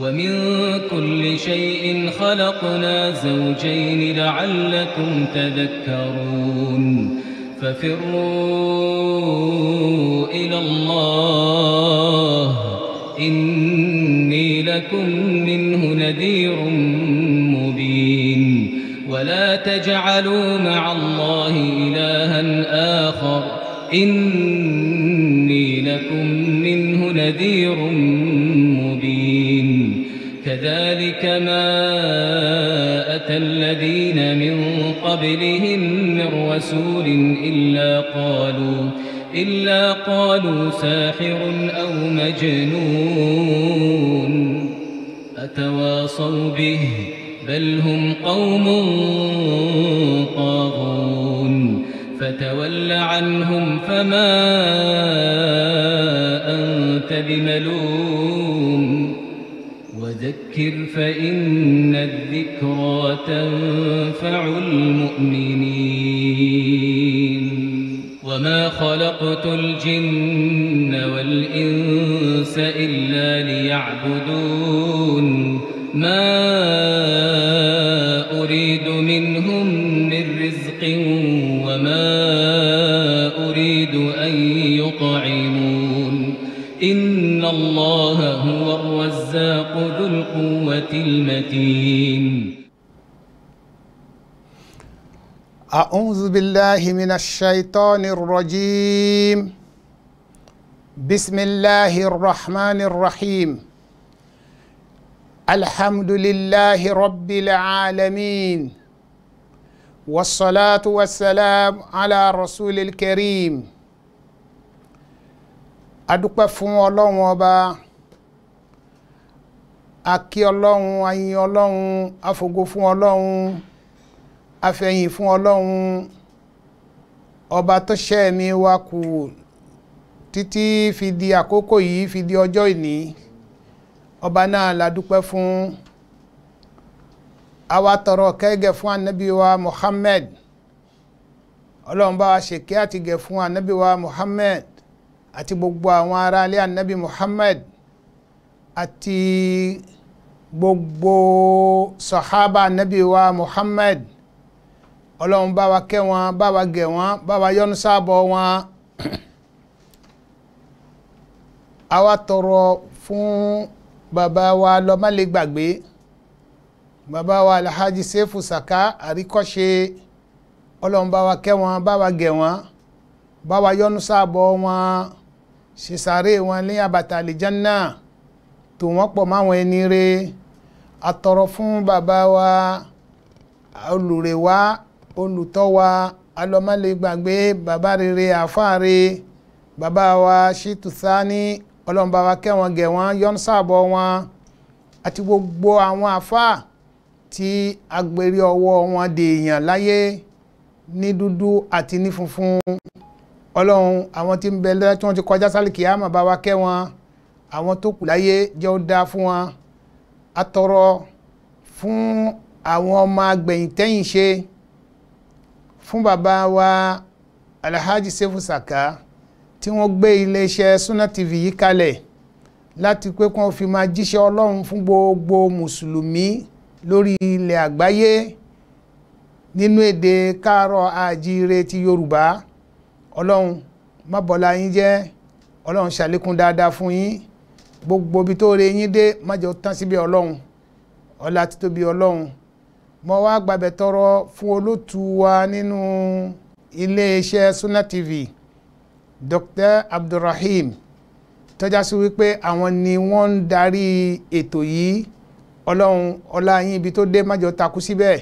ومن كل شيء خلقنا زوجين لعلكم تذكرون ففروا إلى الله إني لكم منه نذير مبين ولا تجعلوا مع الله إلها آخر إني لكم منه نذير مبين مَا أتى الذين من قبلهم من رسول إلا قالوا إلا قالوا ساحر أو مجنون أتواصوا به بل هم قوم طاغون فتول عنهم فما أنت بملوم فذكر فإن الذكرى تنفع المؤمنين وما خلقت الجن والإنس إلا ليعبدون ما الرزاق ذو القوة المتين أعوذ بالله من الشيطان الرجيم بسم الله الرحمن الرحيم الحمد لله رب العالمين والصلاة والسلام على رسول الكريم أدوك فون الله وبا akí ọlọ́run ayin ọlọ́run afogo fún ọlọ́run afẹ̀yìn fún ọlọ́run ọba tó ṣẹ́ mi wá kù títí fi di àkókò yìí fi di ọjọ́ ìní ọba náà la dúpẹ́ fún àwa tọrọ kẹ́gẹ́ fún anabi wa Muhammad ọlọ́run bá wa ṣèké àtìgẹ̀ fún anabi wa Muhammad àti gbogbo àwọn aráalé anabi Muhammad àti gbogbo sahaba nabi wa muhammad ọlọ́run bá wa kẹ́ wọn bá wa gẹ̀ wọn bá wa yọ́nú sábọ̀ wọn a tọrọ fún bàbá wa lọ́mọ́lẹ́ gbàgbé bàbá wa alhaji sefu saka àríkọ́ṣe ọlọ́run bá wa kẹ́ wọn bá wa gẹ̀ wọn bá wa yọ́nú sábọ̀ wọn ṣe sàárè wọn ní abàtà náà tò wọ́n pọ̀ máwọn ẹni re atọrọ fún bàbá wa olùrè wa olùtọ́ wa alọ́mọ́lẹ̀ gbàgbé bàbá rere àfáàre bàbá wa ṣètò sáni ọlọ́mọba wa kẹ́wọn gẹ̀ wọ́n yọ́n sàbọ̀ wọn àti gbogbo àwọn àfáà tí agbèrè ọwọ́ wọn dèèyàn láyé ní dúdú àti ní funfun ọlọ́run àwọn tí ń bẹ lẹ́yìn tí wọ́n ti kọjá sálì kìámà bá wa kẹ́ wọn àwọn tó kù láyé jẹ́ ó dáa fún wọn atọrọ fún àwọn ọmọ agbẹ̀yìntẹ́yìn ṣe fún bàbá wa alhaji sefu saka tí wọ́n gbé iléeṣẹ́ Sunna TV yìí kalẹ̀ láti pé kí wọ́n fi máa jíṣẹ́ ọlọ́run fún gbogbo mùsùlùmí lórí ilẹ̀ àgbáyé nínú èdè káàárọ̀ àjíire ti yorùbá ọlọ́run má yín jẹ́ ọlọ́run ṣàlékún dáadáa fún yín gbogbo ibi tó re yín dé má jẹ́ ó tán síbi ọlọ́run ọlá títóbi ọlọ́run mo wá gbàbẹ̀ tọrọ fún olótù wa nínú iléeṣẹ́ Sunna TV Dr. Abdulrahim tọ́já sí wípé àwọn ni wọ́n ń darí ètò yìí ọlọ́run ọlá yín ibi tó dé má jẹ́ ó takú síbẹ̀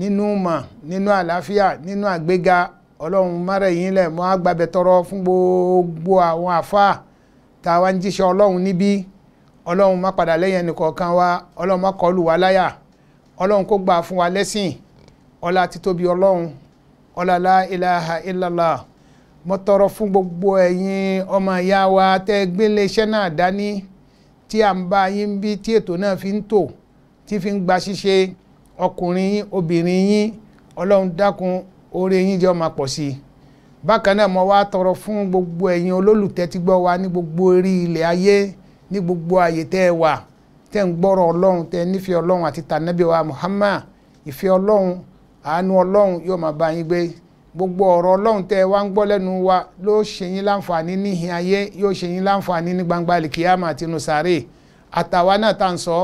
nínú mọ̀ nínú àlàáfíà nínú àgbéga ọlọ́run márẹ̀yìn lẹ̀ mo wá gbàbẹ̀ tọrọ fún gbogbo àwọn àfáà tá a wá ń jíṣẹ́ ọlọ́run níbí ọlọ́run má padà lẹ́yìn ẹnìkọ̀ọ̀kan wa ọlọ́run má kọlù wá láyà ọlọ́run kó gbà fún wa lẹ́sìn ọlá títóbi ọlọ́run ọlá la ilaha illallah mo tọrọ fún gbogbo ẹ̀yin ọmọ ìyá wa tẹ́ gbélé iṣẹ́ náà dání tí à ń bá yín bí tí ètò náà fi ń tò tí fi ń gba ṣíṣe ọkùnrin yín obìnrin yín ọlọ́run dákun oore yín jẹ́ ó pọ̀ sí i bákan náà mo wá tọrọ fún gbogbo ẹ̀yin olólùtẹ́tígbọ́ wa ní gbogbo orí ilẹ̀ ayé ní gbogbo àyè tẹ́ ẹ wà tẹ́ ń gbọ́rọ̀ ọlọ́run tẹ́ ẹ nífẹ̀ẹ́ ọlọ́run àti tànẹ́bí wa Muhammad ìfẹ́ ọlọ́run àánú ọlọ́run yóò máa bá yín gbé gbogbo ọ̀rọ̀ ọlọ́run tẹ́ ẹ wá ń gbọ́ lẹ́nu wa ló ṣe yín láǹfààní níhìn ayé yóò ṣe yín láǹfààní ní gbangba alikiyama àti nusare àtàwa náà tá ń sọ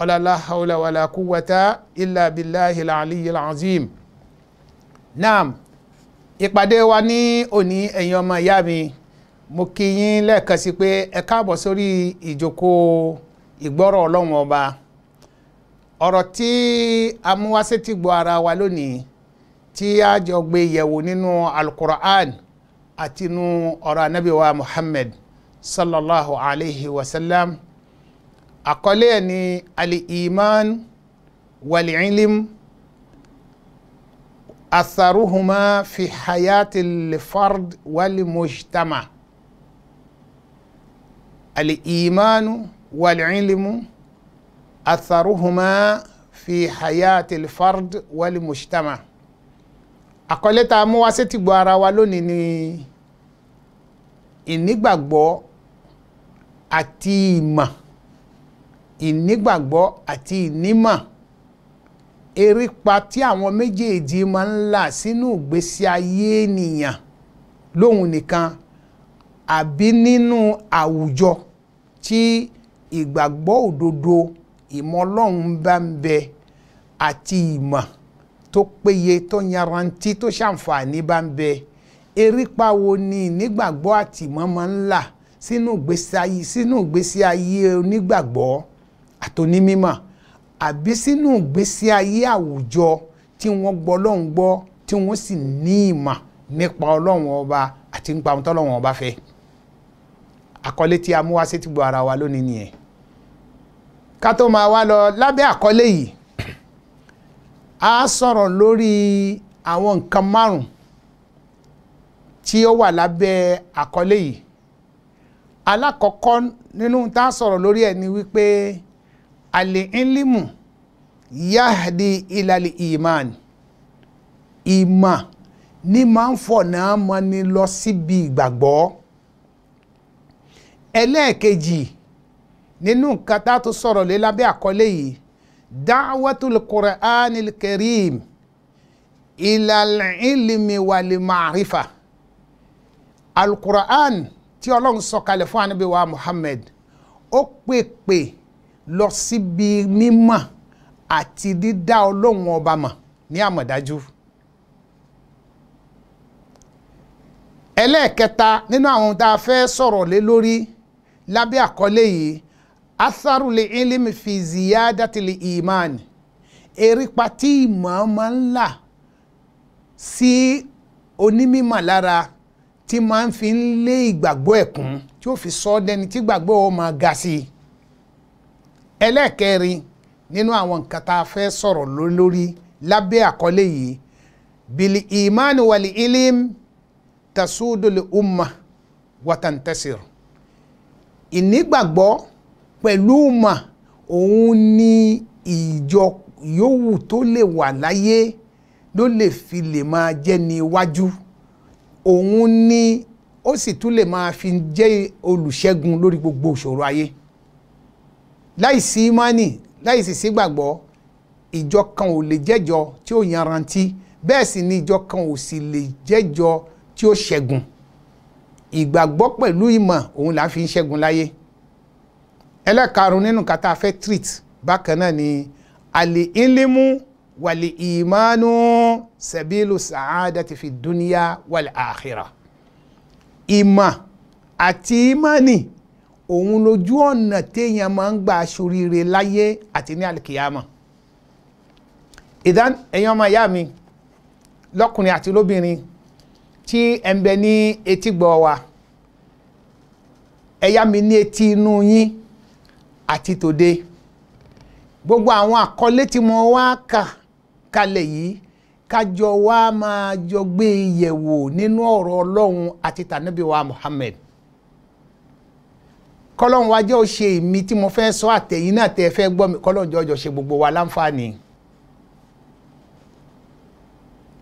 ọ̀làlá haúlà wàlà kúwàtà ìlà àlìyìlà azim naam ìpàdé wa ní òní ẹ̀yin ọmọ ìyá mi mo kí yín lẹ́ẹ̀kan sí pé ẹ káàbọ̀ sórí ìjókòó ìgbọ́rọ̀ ọlọ́run ọba ọ̀rọ̀ tí a mú wá sétí gbọ́ ara wa lónìí tí a jọ gbé yẹ̀wò nínú alukur'an àti inú ọ̀rọ̀ ànábì muhammed sallallahu alayhi wa sallam àkọlé ẹ̀ ní al-iman wal atharuhuma fi hayati lifard walimujtama al'imanu wal'ilmu atharuhuma fi hayati lifard walimujtama àkọlé tá a mú wá sétí gbọ́ ara wa lónìí ni ìnígbàgbọ́ àti ìmọ̀ ìnígbàgbọ́ àti ìnímọ̀ erípa tí àwọn méjèèjì máa ń là sínú ìgbésí ayé ènìyàn lóhun nìkan àbí nínú àwùjọ tí ìgbàgbọ́ òdodo ìmọ̀ ọlọ́run bá ń bẹ àti ìmọ̀ tó péye tó yarantí tó ṣàǹfààní bá ń bẹ erípa wo ni nígbàgbọ́ àtìmọ́ máa ń là sínú ìgbésí ayé onígbàgbọ́ àtònímímọ̀ àbí sínú ìgbésí ayé àwùjọ tí wọ́n gbọ́ ọlọ́run gbọ́ tí wọ́n sì ní ìmọ̀ nípa ọlọ́run ọba àti nípa ohun tọ́lọ́run ọba fẹ́ àkọlé tí a mú wá sí ti gbọ́ ara wa lónìí nìyẹn ká tó máa wá lọ lábẹ́ àkọlé yìí a sọ̀rọ̀ lórí àwọn nǹkan márùn tí ó wà lábẹ́ àkọlé yìí alákọ̀ọ́kọ́ nínú tá a sọ̀rọ̀ lórí ẹ̀ ni wípé alìílímù yáhdi ìlàlì ìmán ìmọ̀ ní máa ń fọ̀nà mọ́ni lọ síbi ìgbàgbọ́ ẹlẹ́ẹ̀kejì nínú nǹkan tá a tún sọ̀rọ̀ lé lábẹ́ àkọlé yìí da'watul Qur'anil Karim ilal ilmi wal ma'rifa alukur'an tí ọlọ́run sọ̀kalẹ̀ fún ànábì wa ó pèpè lọ síbi mímọ̀ àti dídá ọlọ́run ọba mọ̀ ní àmọ̀dájú. ẹlẹ́ẹ̀kẹta nínú àwọn tá a fẹ́ sọ̀rọ̀ lé lórí lábẹ́ àkọlé yìí atharu li ilimi fi ziyadati li imani erípa tí ìmọ̀ máa ń là sí onímọ̀ lára tí máa ń fi ń lé ìgbàgbọ́ ẹ̀kún tí ó fi sọ ọ́ dẹni tí ìgbàgbọ́ ọ máa ga sí i ẹlẹ́ẹ̀kẹrin nínú àwọn nǹkan tá a fẹ́ sọ̀rọ̀ lórí lábẹ́ àkọlé yìí bili imanu wàlì ilim tasudul umma watantasir ìnígbàgbọ́ pẹ̀lú umma òun ni ìjọ yòówù tó lè wà láyé ló lè fi lè máa jẹ́ ní iwájú òun ni ó sì tún lè máa fi jẹ́ olùṣẹ́gun lórí gbogbo ìṣòro ayé láìsí imani láìsí sígbàgbọ́ ìjọ kan ò lè jẹ́jọ tí ó yanrantí bẹ́ẹ̀ sì ni ìjọ kan ò sì lè jẹ́jọ tí ó ṣẹ́gun ìgbàgbọ́ pẹ̀lú ìmọ̀ òun là ń fi ń ṣẹ́gun láyé ẹlẹ́karùn nínú kata fẹ́ treat bákan náà ni àlè ìlímú wàlè ìmánú sẹ̀bílù sàádà ti fi dúníyà wàlè àkhírà ìmọ̀ àti ìmánì òun lójú ọ̀nà téèyàn máa ń gbà ṣoríire láyé àti ní àlìkìyàmọ̀ ìdán ẹ̀yin ọmọ ìyá mi lọ́kùnrin àti lóbìnrin tí ẹ̀ ń bẹ ní etígbọ̀ wa ẹ̀yà mi ní etí inú yín àti tòde gbogbo àwọn àkọlé tí mo wá kà kalẹ̀ yìí kájọ wa máa jọ gbé yẹ̀wò nínú ọ̀rọ̀ ọlọ́run àti tànábì wa Muhammad kọ́lọ́run wá jẹ́ ó ṣe èmi tí mo fẹ́ sọ àtẹ̀yìn náà tẹ́ ẹ fẹ́ gbọ́ mi kọ́lọ́run jọjọ ṣe gbogbo wa láǹfààní.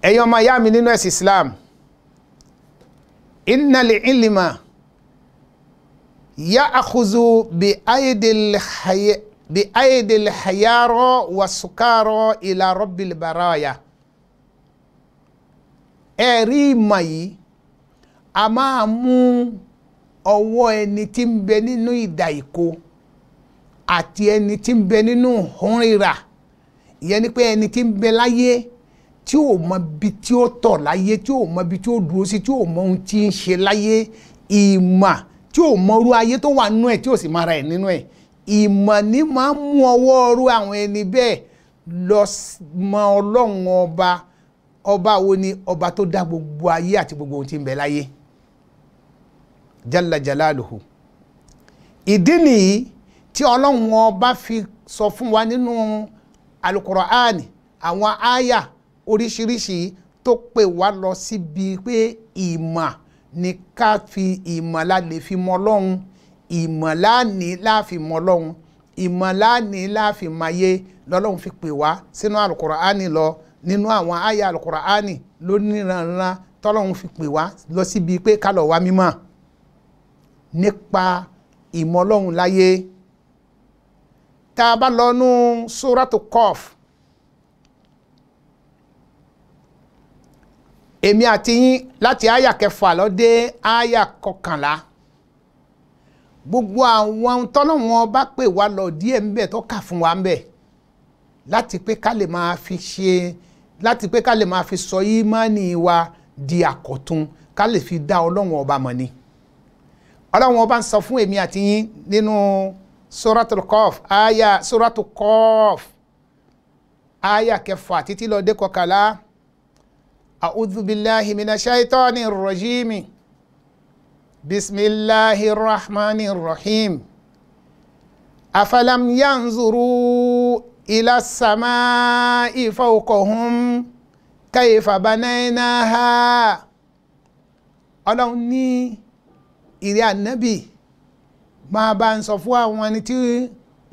ẹ̀yin ọmọ ìyá mi nínú ẹ̀sìn Islam innali ilima ya akuzu bi aidil hayaro wa sukaro ila rabbil baraya ẹ̀rí ìmọ̀ yìí a máa mú ọwọ́ ẹni tí ń bẹ nínú ìdà ìkó àti ẹni tí ń bẹ nínú òǹrira ìyẹn ni pé ẹni tí ń bẹ láyé tí ò mọ ibi tí ó tọ̀ láyé tí ò mọ ibi tí ó dúró sí tí ò mọ ohun tí ń ṣe láyé ìmọ̀ tí ò mọ irú ayé tó wà nínú ẹ̀ tí ò sì mara ẹ̀ nínú ẹ̀ ìmọ̀ ni máa ń mú ọwọ́ ọrú àwọn ẹni bẹ́ẹ̀ lọ mọ ọlọ́run ọba ọba wo ni ọba tó dá gbogbo ayé àti gbogbo ohun tí ń bẹ láyé jalla jalaluhu ìdí nìyí tí ọlọ́run ọba fi sọ fún wa nínú alukuraani àwọn àyà oríṣiríṣi tó pè wá lọ síbi pé ìmọ̀ ni ká fi ìmọ̀ la lè fi mọ ọlọ́run ìmọ̀ láàní láàfin mọ ọlọ́run ìmọ̀ láàní láàfin mayé lọ́lọ́run fi pè wá sínú alukuraani lọ nínú àwọn aya alukuraani lóníranran tọ́lọ́run fi pè wá lọ síbi pé ká lọ wá mímọ̀ nípa ìmọ̀ ọlọ́run láyé tá a bá lọ nú suratu Qaf èmi àti yín láti àyà kẹfà lọ dé àyà kọkànlá gbogbo àwọn tọ́lọ́wọ́n bá pè wá lọ díẹ̀ ń bẹ̀ tó kà fún wa ń bẹ̀ láti pé ká lè máa fi ṣe láti pé ká lè máa fi sọ ìmánì wa di àkọ́tun ká lè fi dá ọlọ́run ọba mọ̀ ni ọlọ́run ọba ń sọ fún èmi àti yín nínú suratul Qaf aya suratul Qaf aya kẹfà títí lọ dé kọkànlá a'udhu billahi mina shaitani rajimi bisimilahi rahmani rahim afalam yanzuru ila samai fawqahum kayfa banaynaha ọlọ́run ní ìrẹ́ ànábì máa bá ń sọ fún àwọn ẹni tí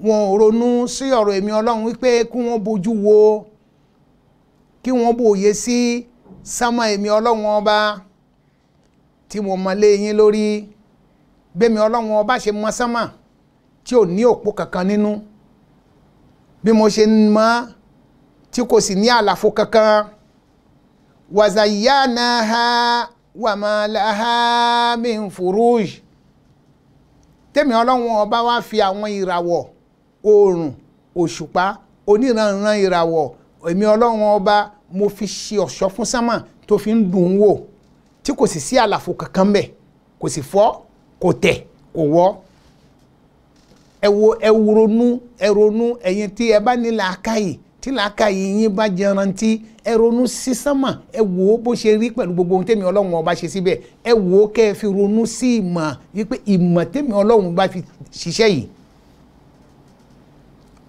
wọn ò ronú sí ọ̀rọ̀ èmi ọlọ́run wípé kí wọ́n bójú wo kí wọ́n bòye sí sámà èmi ọlọ́run ọba tí mo mọ lé yín lórí bẹ́mi ọlọ́run ọba ṣe mọ sámà tí ò ní òpó kankan nínú bí mo ṣe mọ tí kò sì ní àlàfo kankan wàzàyà náà ha wàmà laha min furuj tẹ́mi ọlọ́run ọba wa fi àwọn ìràwọ̀ oòrùn òṣùpá oníranran ìràwọ̀ èmi ọlọ́run ọba mo fi ṣe ọ̀ṣọ́ fún sámà tó fi ń dùn ún wò tí kò sì sí àlàfo kankan bẹ̀ kò sì fọ́ kò tẹ̀ kò wọ́ ẹ wo ẹ ronú ẹ ronú ẹ̀yin tí ẹ bá ní làákàyè tí làákà yìnyín bá jẹrantí ẹ ronú sí sánmà ẹ wò ó bó ṣe rí pẹ̀lú gbogbo ohun tẹ́mi ọlọ́run ọba ṣe síbẹ̀ ẹ wò ó kẹ́ ẹ fi ronú sí ìmọ̀ wípé ìmọ̀ tẹ́mi ọlọ́run bá fi ṣiṣẹ́ yìí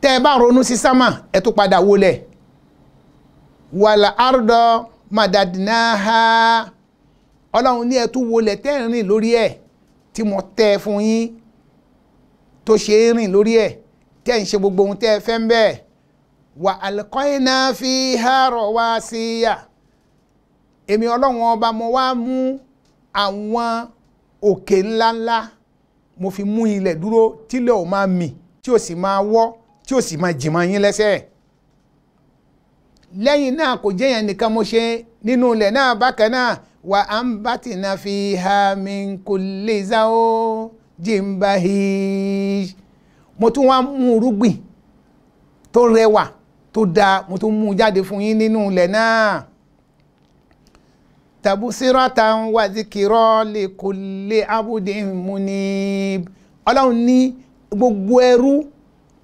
tẹ́ ẹ bá ronú sí sánmà ẹ tó padà wọlẹ̀ wàlà àrùdọ̀ màdàdínáhà ọlọ́run ní ẹ tó wọlẹ̀ tẹ́ ẹ rìn lórí ẹ̀ tí mo tẹ́ ẹ fún yín tó ṣe é rìn lórí ẹ̀ tẹ́ ẹ ń ṣe gbogbo ohun tẹ́ ẹ fẹ́ ń wà alqaina fiha rawasiya èmi ọlọ́run ọba mo wá mú àwọn òkè ńláńlá mo fi mú ilẹ̀ dúró tílẹ̀ ò máa mì tí ò sì máa wọ́ tí ò sì máa jìmọ̀ yín lẹ́sẹ̀ lẹ́yìn náà kò jẹ́ yẹn nìkan mo ṣe nínú ilẹ̀ náà bákan náà wà á ń bá tì fi ha mi kò lè zá o jimbahi mo tún wá mú irúgbìn tó rẹwà tó dáa mo tún mú un jáde fún yín nínú ilẹ̀ náà tàbúsírọ́tà ń wá zikirọ́ lè kò lè abúdé mu ní ọlọ́run ní gbogbo ẹrú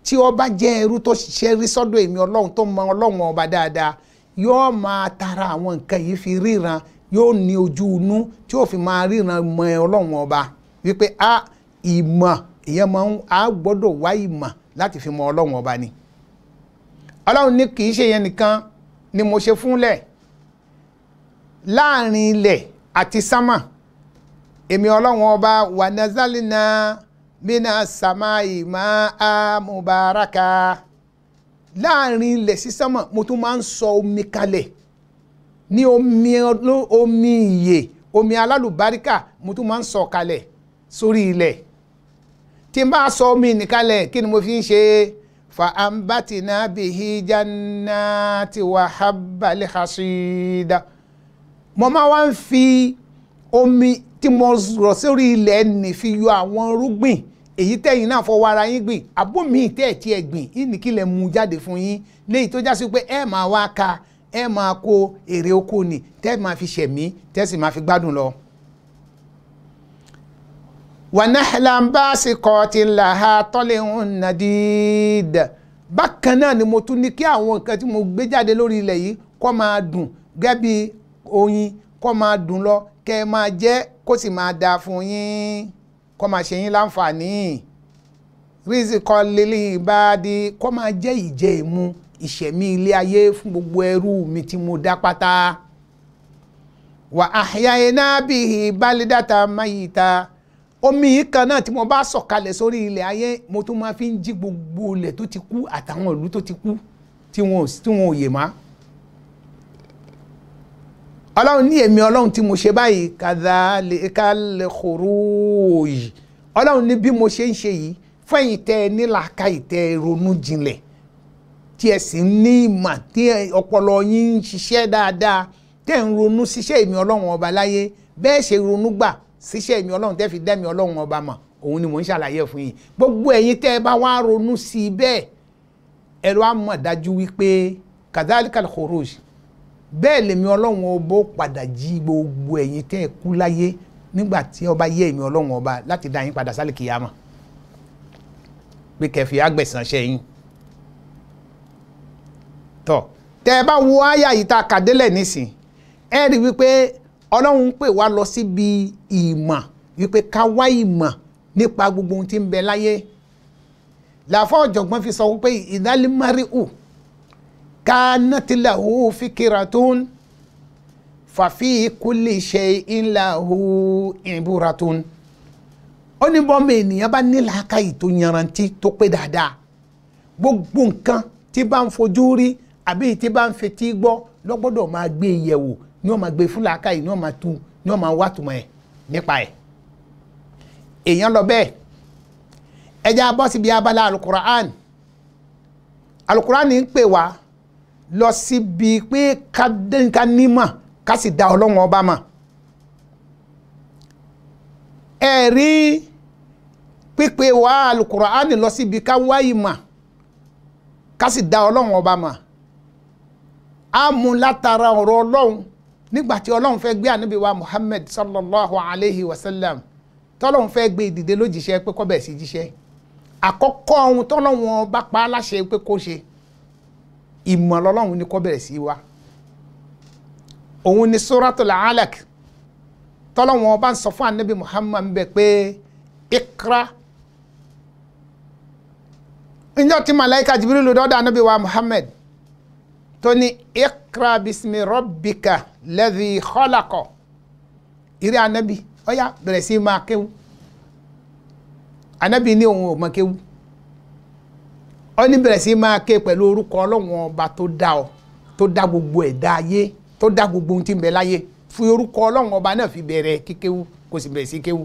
tí ó bá jẹ́ ẹrú tó ṣiṣẹ́ rí sọ́dọ̀ èmi ọlọ́run tó mọ ọlọ́run ọba dáadáa yóò máa tara àwọn nǹkan yìí fi ríran yóò ní ojú inú tí ó fi máa ríran mọ ọlọ́run ọba wípé a ah, ìmọ̀ èèyàn máa ń a gbọ́dọ̀ wá ìmọ̀ láti fi mọ ọlọ́run ọba ni ọlọ́run ní kì í ṣe yẹn nìkan ni mo ṣe fúnlẹ̀ láàrin ilẹ̀ àti sámà èmi ọlọ́run ọba wà nazalina mina sama ìmọ̀ amubaraka láàrin ilẹ̀ sí sámà mo tún máa ń sọ omi kalẹ̀ ní omi omi ìyè omi alálùbáríkà mo tún máa ń sọ kalẹ̀ sórí ilẹ̀ tí n bá sọ omi nìkalẹ̀ kí ni mo fi ń ṣe é فأنبتنا به جنات وحب الحصيد mo máa wá ń fi omi tí mo rọ̀ sórí ilẹ̀ nì fi yọ àwọn irúgbìn èyí tẹ̀yìn náà fọwọ́ ara yín gbìn àbó mi tẹ́ ẹ̀ tí ẹ gbìn ìnìkílẹ̀ mu jáde fún yín léyìí tó já sí pé ẹ máa wá ka ẹ máa kó èrè oko nì tẹ́ máa fi ṣẹ̀mí tẹ́ sì máa fi gbádùn lọ wanahla basikọti laha tọ́lẹ̀hún nadid bákan náà ni mo tún ní kí àwọn nǹkan tí mo gbé jáde lórí ilẹ̀ yìí kó máa dùn gẹ́gẹ́ bí oyin kó máa dùn lọ kẹ́ ẹ máa jẹ kó sì máa dáa fún yín kó máa ṣe yín láǹfààní rizikọ lili ibadi kó máa jẹ́ ìjẹ ìmu ìṣẹ̀mí ilé ayé fún gbogbo ẹrú mi tí mo dá pátá wà áhíyá iná bíi bálídàtà máyìí ta omi yìí kan náà tí mo bá sọ̀kalẹ̀ sórí ilẹ̀ ayé mo tún máa fi ń jí gbogbo ilẹ̀ tó ti kú àtàwọn ìlú tó ti kú tí wọn ò yè má. ọlọ́run ní èmi ọlọ́run tí mo ṣe báyìí kadhalika al-khuruj ọlọ́run ní bí mo ṣe ń ṣe yìí fẹ́yìn tẹ́ ẹ nílàka ìtẹ́ ronú jinlẹ̀ tí ẹ sì ní ìmọ̀ tí ọpọlọ yín ń ṣiṣẹ́ dáadáa tẹ́ ń ronú ṣiṣẹ́ èmi ọlọ́run ọba láyé bẹ́ẹ̀ ṣe ronú gbà ṣíṣẹ́ mi ọlọ́run tẹ́ fi dá mi ọlọ́run ọba mọ̀ òun ni mò ń ṣàlàyé fún yín gbogbo ẹ̀yin tẹ́ ẹ bá wá ronú sí i bẹ́ẹ̀ ẹ lọ́ àmọ̀ dájú wípé kadhalika al-khuruj bẹ́ẹ̀ lèmi ọlọ́run ọba ó padà jí gbogbo ẹ̀yin tẹ́ ẹ kú láyé nígbà tí ọba yé èmi ọlọ́run ọba láti dá yín padà sálẹ̀ kìyàmọ̀ pé kẹfì àgbẹ̀sán ṣe yín tọ́ tẹ́ ẹ bá wo àyà yìí tá a kà ọlọ́run ń pè wá lọ síbi ìmọ̀ wípé ká wá ìmọ̀ nípa gbogbo ohun tí ń bẹ láyé làfọ́ ọ̀jọ̀gbọ́n fi sọ wípé ìdálímárìhù kánátìláhù fíkìràtún fàfi kúlì ṣe ńláhù ìbúratún ó ní bọ́mọ ènìyàn bá ní làákàyè tó yanrantí tó pé dáadáa gbogbo nǹkan tí bá ń fojú rí àbí tí bá ń fetí gbọ́ lọ́gbọ́dọ̀ máa gbé e yẹ̀wò ni wọ́n máa gbé fún làákàyè ni wọ́n máa tu ni wọ́n máa wá tùmọ̀ e nípa ẹ̀ èèyàn lọ bẹ́ẹ̀ ẹja bọ́ síbi abala alukura'an alukura'an ń pè wá lọ síbi pé ká nímọ̀ ká sì da ọlọ́run ọba mọ̀ ẹ rí pípé wá alukura'an lọ síbi ká wá ìmọ̀ ká sì da ọlọ́run ọba mọ̀ á mú látara ọ̀rọ̀ ọlọ́run nígbàtí ọlọ́run fẹ́ gbé ànábì wa muhammed sallallahu alayhi wa sallam tọ́lọ́run fẹ́ gbé ìdìde lójíṣẹ́ pé kó bẹ̀rẹ̀ sí jíṣẹ́ àkọ́kọ́ ohun tọ́lọ́run bá pa á láṣẹ pé kó ṣe ìmọ̀ lọ́lọ́run ni kó bẹ̀rẹ̀ sí wa òun ni suratul alaq tọ́lọ́run bá ń sọ fún ànábì muhammed bẹ̀ pé ikra ǹjọ́ tí malaika jibril lọ́dọ̀ ànábì wa muhammed tó ní ikra bismi rabbika ladhi khalaqa ìrẹ́ anabi ọ̀yà bẹ̀rẹ̀ sí máa kéwú anabi ní òun ò mọ kéwú ó ní bẹ̀rẹ̀ sí máa ké pẹ̀lú orúkọ ọlọ́run ọba tó dá ọ tó dá gbogbo ẹ̀dá ayé tó dá gbogbo ohun tí ń bẹ láyé fi orúkọ ọlọ́run ọba náà fi bẹ̀rẹ̀ kíkéwú kò sì bẹ̀rẹ̀ sí kéwú.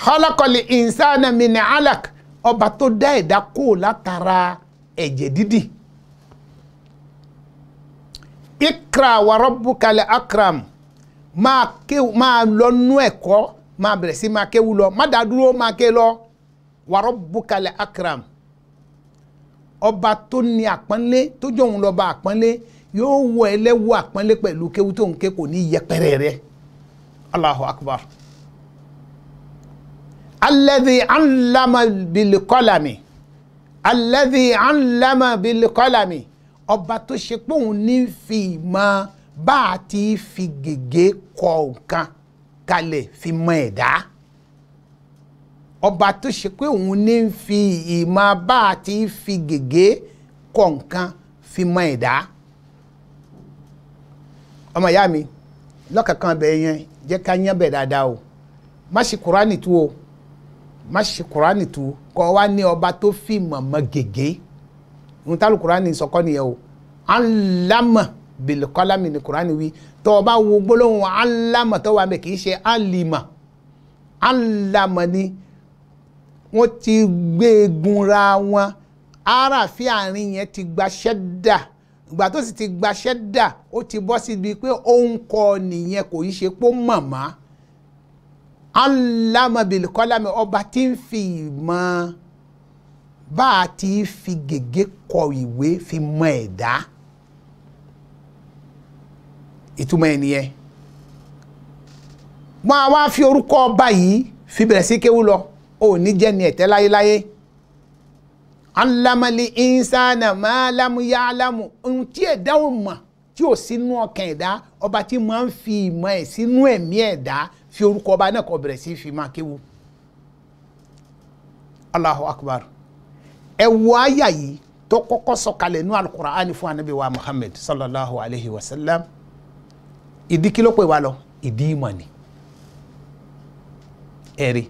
khalaqal insana min alaq ọba tó dá ẹ̀dá kó látara ẹ̀jẹ̀ dídì ikra wa rabbukal akram máa kéwù máa lọ nú ẹ̀kọ́ máa bẹ̀rẹ̀ sí máa kéwù lọ má dàdúró máa ké lọ wa rabbukal akram ọba tó ní àpọ́nlé tó jọ̀hún lọ́ba àpọ́nlé yóò wọ ẹlẹ́wọ̀ àpọ́nlé pẹ̀lú kéwù tó ń ké kò ní yẹpẹrẹ rẹ Allahu akbar alladhi allama bil qalami alladhi allama bil qalami ọba tó ṣe pé òun ní fi ìmọ̀ bá a ti fi gègé kọ nǹkan kalẹ̀ fi mọ ẹ̀dá ọba tó ṣe pé òun ní fi ìmọ̀ bá a ti fi gègé kọ nǹkan fi mọ ẹ̀dá ọmọ ìyá mi lọ́kàn kan bẹ̀ yẹn jẹ́ ká yán bẹ̀ dáadáa o má ṣe kúránì tú o má ṣe kúránì tu kọ́ wa ní ọba tó fi mọ̀mọ́ gègé ohun tá lùkúránì sọkọ́ nìyẹn o alámọ̀ bìlìkọ́lámì ni kúránì wí tó o bá wo gbólóhùn alama tó wà mẹ́ kì í ṣe alìmọ̀ alámọ̀ ni wọ́n ti gbé egun ra wọn aráàfin àárín yẹn ti gba ṣẹ́dà ìgbà tó sì ti gba ṣẹ́dà ó ti bọ́ síbi pé ó kọ nìyẹn kò í ṣe pó mọ̀mọ́ alamabil kọ́lámi ọba tí ń fi ìmọ̀ bá a ti fi gègé kọ ìwé fi mọ ẹ̀dá ìtumọ̀ ẹ̀ nìyẹn máa wá fi orúkọ ọba yìí fi bẹ̀rẹ̀ sí kéwú lọ ò ní jẹ́ ni ẹ̀tẹ́ láyéláyé alamali insana malamu yalamu ohun tí ẹ̀dá ò mọ̀ tí ò sínú ọkàn ẹ̀dá ọba tí máa fi ìmọ̀ ẹ̀ sínú ẹ̀mí ẹ̀dá fi orúkọ ọba náà kọ bẹ̀rẹ̀ sí fi máa kéwu allahu akbar ẹ wo àyà yìí tó kọ́kọ́ sọ̀kalẹ̀ nú alukur'ani fún anabi wa muhammed sallallahu alayhi wa sallam ìdí kí ló pè wá lọ ìdí ìmọ̀ ni ẹ̀rí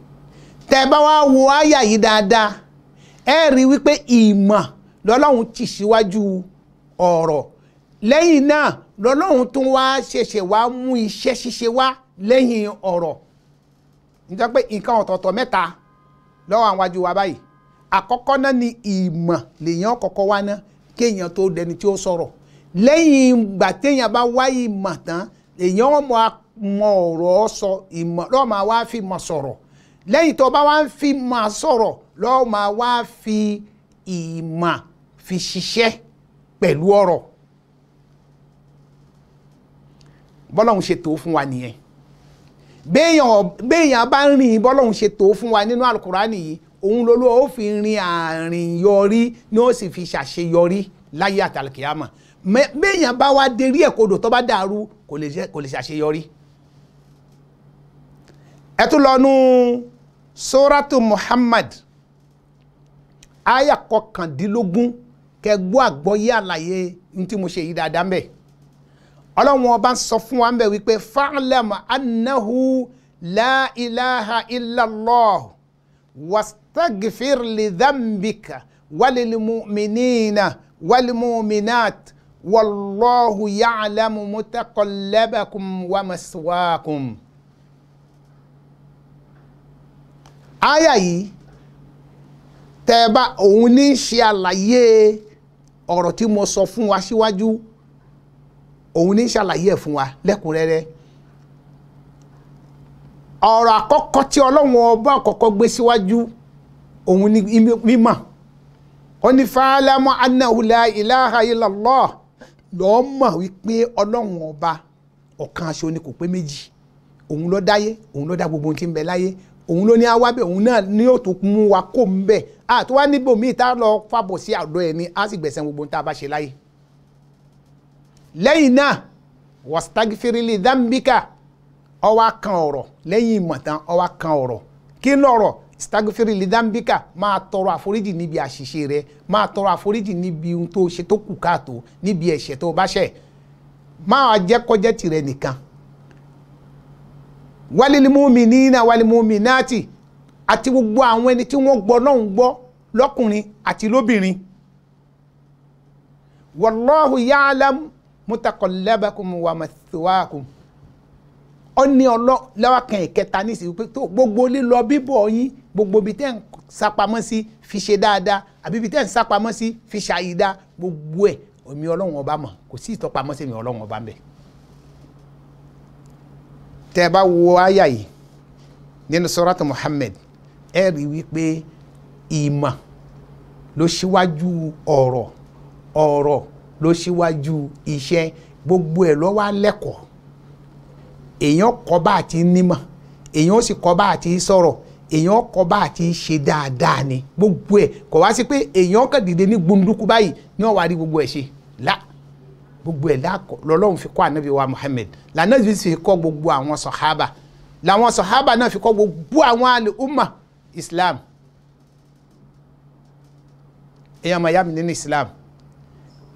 tẹ́ bá wá wo àyà yìí dáadáa ẹ rí wípé ìmọ̀ lọ́lọ́run ti síwájú ọ̀rọ̀ lẹ́yìn náà lọ́lọ́run tún wá ṣẹ̀ṣẹ̀ wá mú iṣẹ́ ṣíṣe wá lẹ́yìn ọ̀rọ̀ nítorí pé nǹkan ọ̀tọ̀ọ̀tọ̀ mẹ́ta lọ́wọ́ àwọn ajú wa báyìí àkọ́kọ́ náà ni ìmọ̀ lèèyàn kọ́kọ́ wá ná kéèyàn tó dẹni tí ó sọ̀rọ̀ lẹ́yìn ìgbà téèyàn bá wá ìmọ̀ tán èèyàn máa mọ ọ̀rọ̀ sọ ìmọ̀ lọ́ọ́ máa wá fi mọ̀ sọ̀rọ̀ lẹ́yìn tó bá wá ń fi mọ̀ sọ̀rọ̀ lọ́ọ́ máa wá fi ìmọ̀ fi ṣiṣẹ́ pẹ̀lú ọ̀rọ̀ bọ́lọ́hún ṣe tó fún wa nìyẹn béèyàn béèyàn bá ń rìn bọ́lọ́hún ṣe tó fún wa nínú alukurani yìí òun lolú ó fi rin àárín yọrí ni ó sì fi ṣàṣeyọrí láyé àtàlùkìyàmà béèyàn bá wá dérí ẹ̀kọ́dọ̀ tó bá dàrú kò lè ṣàṣeyọrí. ẹ tún lọ nú sóràtú Muhammad aya kọkàndínlógún kẹgbọ́ àgbọ́yé àlàyé ní tí mo ṣe yìí dáadáa mbẹ́ ọlọ́run ọba ń sọ fún wa ń bẹ̀ wípé fa'lam annahu la ilaha illallah wastagfir li dhanbika walilmu'minina walilmu'minat wallahu ya'lamu mutaqallabakum wa maswaakum. àyà yìí tẹ́ bá òun ní ṣe àlàyé ọ̀rọ̀ tí mo sọ fún wa síwájú. Si òun ní ṣàlàyé ẹ̀ fún wa lẹ́kùnrẹ́rẹ́ ọ̀rọ̀ àkọ́kọ́ tí ọlọ́run ọba àkọ́kọ́ gbé síwájú òun ní mímọ̀ ó ní fa'alamu annahu la ilaha illallah lọ́ọ́ mọ̀ wípé ọlọ́run ọba ọ̀kan aṣọ ni kò pé méjì òun ló dáyé òun ló dá gbogbo ohun tí ń bẹ láyé òun ló ní á wá bẹ òun náà ní ó mú wa kó ń bẹ àti wá níbòmíì tá a lọ fàbọ̀ sí àdó ẹ̀ ni á sì gbẹ̀sẹ̀ gbogbo ohun tá a bá ṣe láyé lẹ́yìn náà wọ́stagfirili dambika ọwá kan ọ̀rọ̀ lẹ́yìn ìmọ̀tán ọwá kan ọ̀rọ̀ kí lọ̀rọ̀ stagfirili dambika máa tọrọ àforíjì níbi àṣìṣe rẹ máa tọrọ àforíjì níbi ohun tó ṣe tó kù káàtó níbi ẹ̀ṣẹ̀ tó bá ṣẹ̀ máa jẹ́ kọjẹ́ tirẹ̀ nìkan wálílímùmí nínà wálímùmí náàtì àti gbogbo àwọn ẹni tí wọ́n gbọ́ lọ́hùn gbọ́ lọ́kùnrin àti lóbìnrin wàlláhu ya'lam mutakọ̀lẹ́bàkùn wà màsíwáàkùn ó ní ọlọ́wàkàn ìkẹta nísì wípé tó gbogbo lílọ bíbọ̀ yín gbogbo ibi tẹ́ ń sápamọ́ sí fi ṣe dáadáa àbí ibi tẹ́ ń sápamọ́ sí fi ṣàyídá gbogbo ẹ̀ omi ọlọ́run ọba mọ̀ kò sí ìtọ́pamọ́ sí mi ọlọ́run ọba ń tẹ́ ẹ bá wo àyà yìí nínú sọ́ràtà Muhammad ẹ rí wípé ìmọ̀ ló ṣíwájú ọ̀rọ̀ ọ̀rọ̀ ló ṣíwájú iṣẹ́ gbogbo ẹ̀ ló wà lẹ́kọ̀ọ́ èèyàn kọ́ bá àti nímọ̀ èèyàn sì kọ́ bá àti sọ̀rọ̀ èèyàn kọ́ bá àti ṣe dáadáa ni gbogbo ẹ̀ kò wá sí pé èèyàn kàn dìde ní gbunduku báyìí ní ọ̀wá rí gbogbo ẹ̀ ṣe la gbogbo ẹ̀ lákọ̀ lọ́lọ́run fi kọ́ ànábì wa Muhammad lànàbì fi kọ́ gbogbo àwọn sọ̀hábà làwọn sọ̀hábà náà fi kọ́ gbogbo àwọn àlẹ́ umma Islam èèyàn máa yá mi nínú Islam.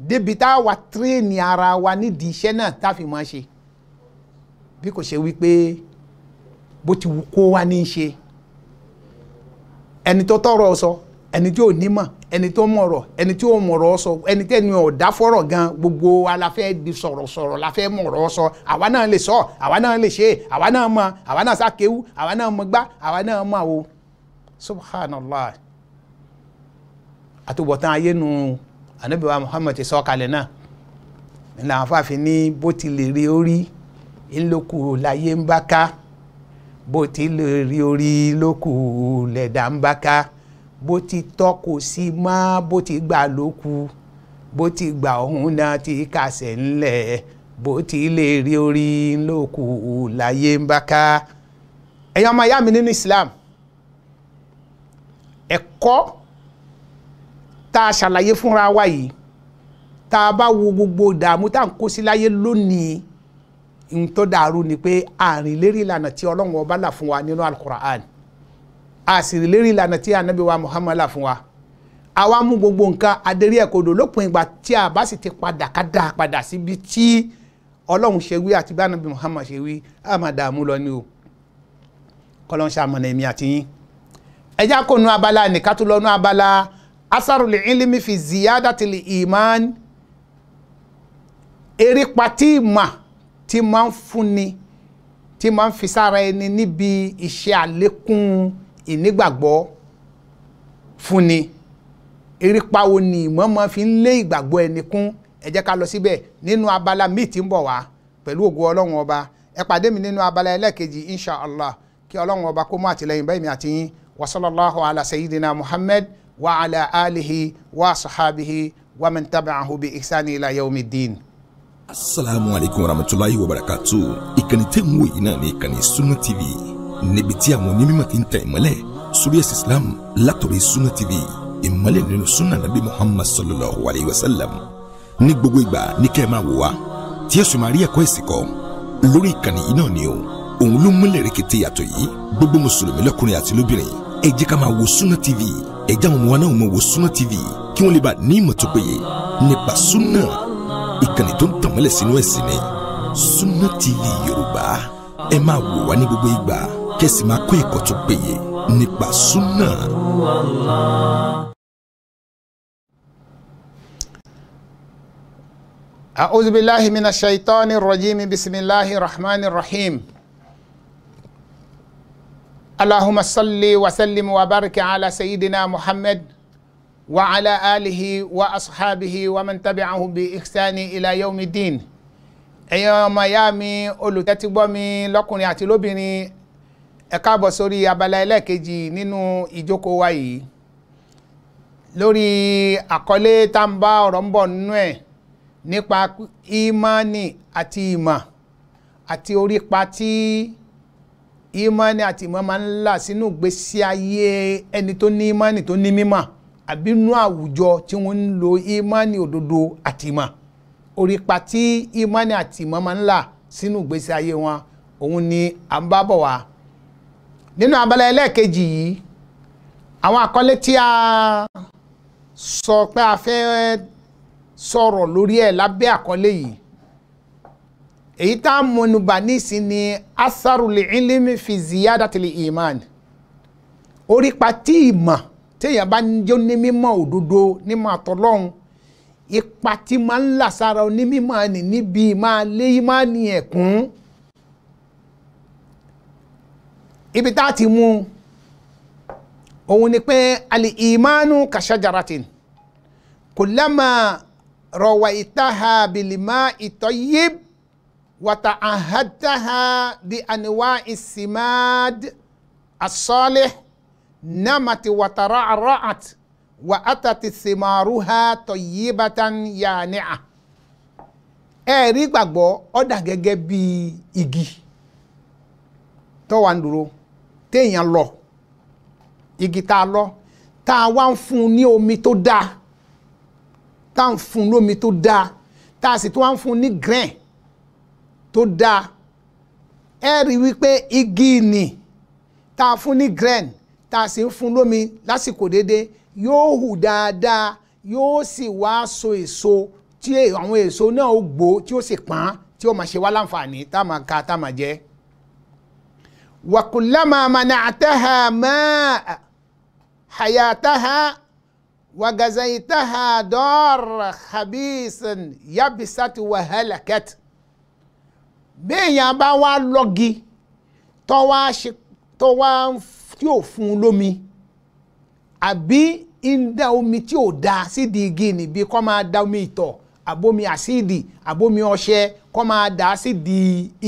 débi tá a wà tírénì ara wa nídìí iṣẹ́ náà tá a fi máa ṣe bí kò ṣe wípé bó ti wù kó wa ní í ṣe ẹni tó tọrọ sọ ẹni tí ò nímọ̀ ẹni tó mọ̀rọ̀ ẹni tí ò mọ̀rọ̀ sọ ẹni tẹ́ni ọ̀dá fọ̀rọ̀ gan gbogbo wa la fẹ́ di sọ̀rọ̀sọ̀rọ̀ la fẹ́ mọ̀rọ̀ sọ àwa náà lè sọ àwa náà lè ṣe àwa náà mọ àwa náà sákéwú àwa náà mọ gbá àwa náà mọ àwo subhanallah àtúbọ̀tán ayé nu. No ànábì wa Muhammad ti na kalẹ̀ náà nínú afáfin ní bó ti lè rí orí ńlọkù láyé ń bá ká bó ti lè rí orí lókù lẹ̀dá ń bá ká bó ti tọ́ kò sí mọ́ bó ti gbà lókù bó ti gbà ọ̀hún náà ti kàṣẹ̀ ńlẹ̀ bó ti lè rí orí tá a ṣàlàyé fúnra wa yìí tá a bá wo gbogbo ìdààmú tá à ń kó sí láyé lónìí n tó dàrú ni pé àrìn lérí ìlànà tí ọlọ́run ọba là fún wa nínú alukur'an àsìrì lérí ìlànà tí anabi wa muhammad là fún wa àwa mú gbogbo nǹkan adérí ẹ̀ kodò lópin ìgbà tí a bá sì ti padà ká dá padà síbi tí ọlọ́run ṣe wí àti bí muhammad ṣe wí a máa dààmú lọ ni o kọ́lọ́n ṣàmọ̀nà èmi àti yín ẹ̀já kò nu abala nìkan tó lọ nu abala asaru li ilimi fi ziyada ti li iman erípa tí ìmà tí máa ń fúnni tí máa ń fi sára ẹni níbi iṣẹ́ àlékún ìnígbàgbọ́ fúnni erípa wo ni ìmọ̀ máa fi ń lé ìgbàgbọ́ ẹni kún ẹ jẹ́ ká lọ síbẹ̀ nínú abala míì tí ń bọ̀ wá pẹ̀lú ògo ọlọ́run ọba ẹ pàdé mi nínú abala ẹlẹ́ẹ̀kejì insha allah kí ọlọ́run ọba kó mú àtìlẹ́yìn bá èmi àti yín wa sallallahu ala sayyidina muhammad وعلى آله وصحابه ومن تبعه بإحسان إلى يوم الدين asalaamualeykum warahmatulahi wabarakatu ìkànnì tẹ́ ń wò yìí náà ni ìkànnì Sunna TV níbi tí àwọn onímọ̀ ti ń tẹ ìmọ́lẹ̀ sórí ẹ̀sìn Islam látọ̀rọ̀ Sunna TV ìmọ́lẹ̀ nínú sunna nabi Muhammad sallallahu alayhi wa sallam ní gbogbo ìgbà ní kẹ́ ẹ máa wò wá tí ẹ sì máa rí ẹ̀kọ́ ẹ̀sìn kọ́ lórí ìkànnì yìí náà ni o òun ló múlẹ̀ rẹ̀ kété yàtọ̀ yìí gbogbo mùsùlùmí lọ́kùnrin àti lóbìnrin ẹ jẹ́ ká máa wo Sunna TV ẹ já àwọn ọmọ wa wò Sunna TV kí wọ́n lè bá ní ìmọ̀ tó péye nípa Sunna ìkànnì tó ń tàmọ́lẹ̀ sínú ẹ̀sìn ni Sunna TV Yorùbá ẹ máa wò wá ní gbogbo ìgbà kẹ́sì máa kọ́ ẹ̀kọ́ tó péye nípa Sunna. أعوذ بالله من الشيطان الرجيم بسم الله الرحمن الرحيم اللهم صل وسلم وبارك على سيدنا محمد وعلى آله وأصحابه ومن تبعه بإحسان إلى يوم الدين ẹ̀yin ọmọ ìyá mi olùtẹ́tí gbọ́ mi lọ́kùnrin àti lóbìnrin ẹ káàbọ̀ sórí abala ẹlẹ́ẹ̀kejì nínú ìjókòó wa yìí lórí àkọlé tá ń bá ọ̀rọ̀ ń bọ̀ nínú ẹ̀ nípa ìmánì àti ìmọ̀ àti orípa tí ìmánì àti ìmọ̀ máa ń là sínú ìgbésí ayé ẹni tó ní ìmánì tó ní mímọ̀ àbí inú àwùjọ tí wọ́n ń lo ìmánì òdodo àti ìmọ̀ òrìpa tí ìmánì àti ìmọ̀ máa ń là sínú ìgbésí ayé wọn òun ni à ń bá wá. nínú abala ẹlẹ́ẹ̀kejì yìí àwọn àkọlé tí a sọ pé a fẹ́ sọ̀rọ̀ lórí ẹ̀ lábẹ́ àkọlé yìí èyí tá a mọ̀nùbà nísìn ni asarul ilimi fi ziyadatil iman orípa tí ìmọ̀ téèyàn bá jó ní mímọ̀ òdodo ní máa tọ́lọ́hún ipa tí máa ń là sára onímọ̀ ni níbi máa lé ìmánì ẹ̀kún ibi tá a ti mú òun ni pé àlè ìmánu kàṣájaratin kullama rawaitaha bilima itoyib وتعهدتها بأنواع السماد الصالح نمت وترعرعت وأتت ثمارها طيبة يانعة ẹ̀rí gbàgbọ́ ó dà gẹ́gẹ́ bí igi tó wà ń dúró téèyàn lọ igi tá a lọ tá a wá ń fún un ní omi tó dáa tá a ń fún lómi tó dáa tá a sì tún wá ń fún ní grain tó dáa ẹ rí wípé igi ìnì tá a fún ní grain tá a sì ń fún lómi lásìkò déédéé yóò hù dáadáa yóò sì wá so èso tí àwọn èso náà ó gbó tí ó sì pọ́n tí ó máa ṣe wá láǹfààní tá a máa ka tá a máa jẹ. wàkùlámà mana'ataha máa hayataha wàgàzàyìtaha dọ́ọ̀rọ̀ khabisan yabisatu wàhálàkẹ́tì. béèyàn bá wá lọ́gi tó wá tí ò fún un lómi àbí ń da omi tí ò da sídìí igi níbi kó máa da omi ìtọ̀ àbomi àsídì àbomi ọṣẹ kó máa da á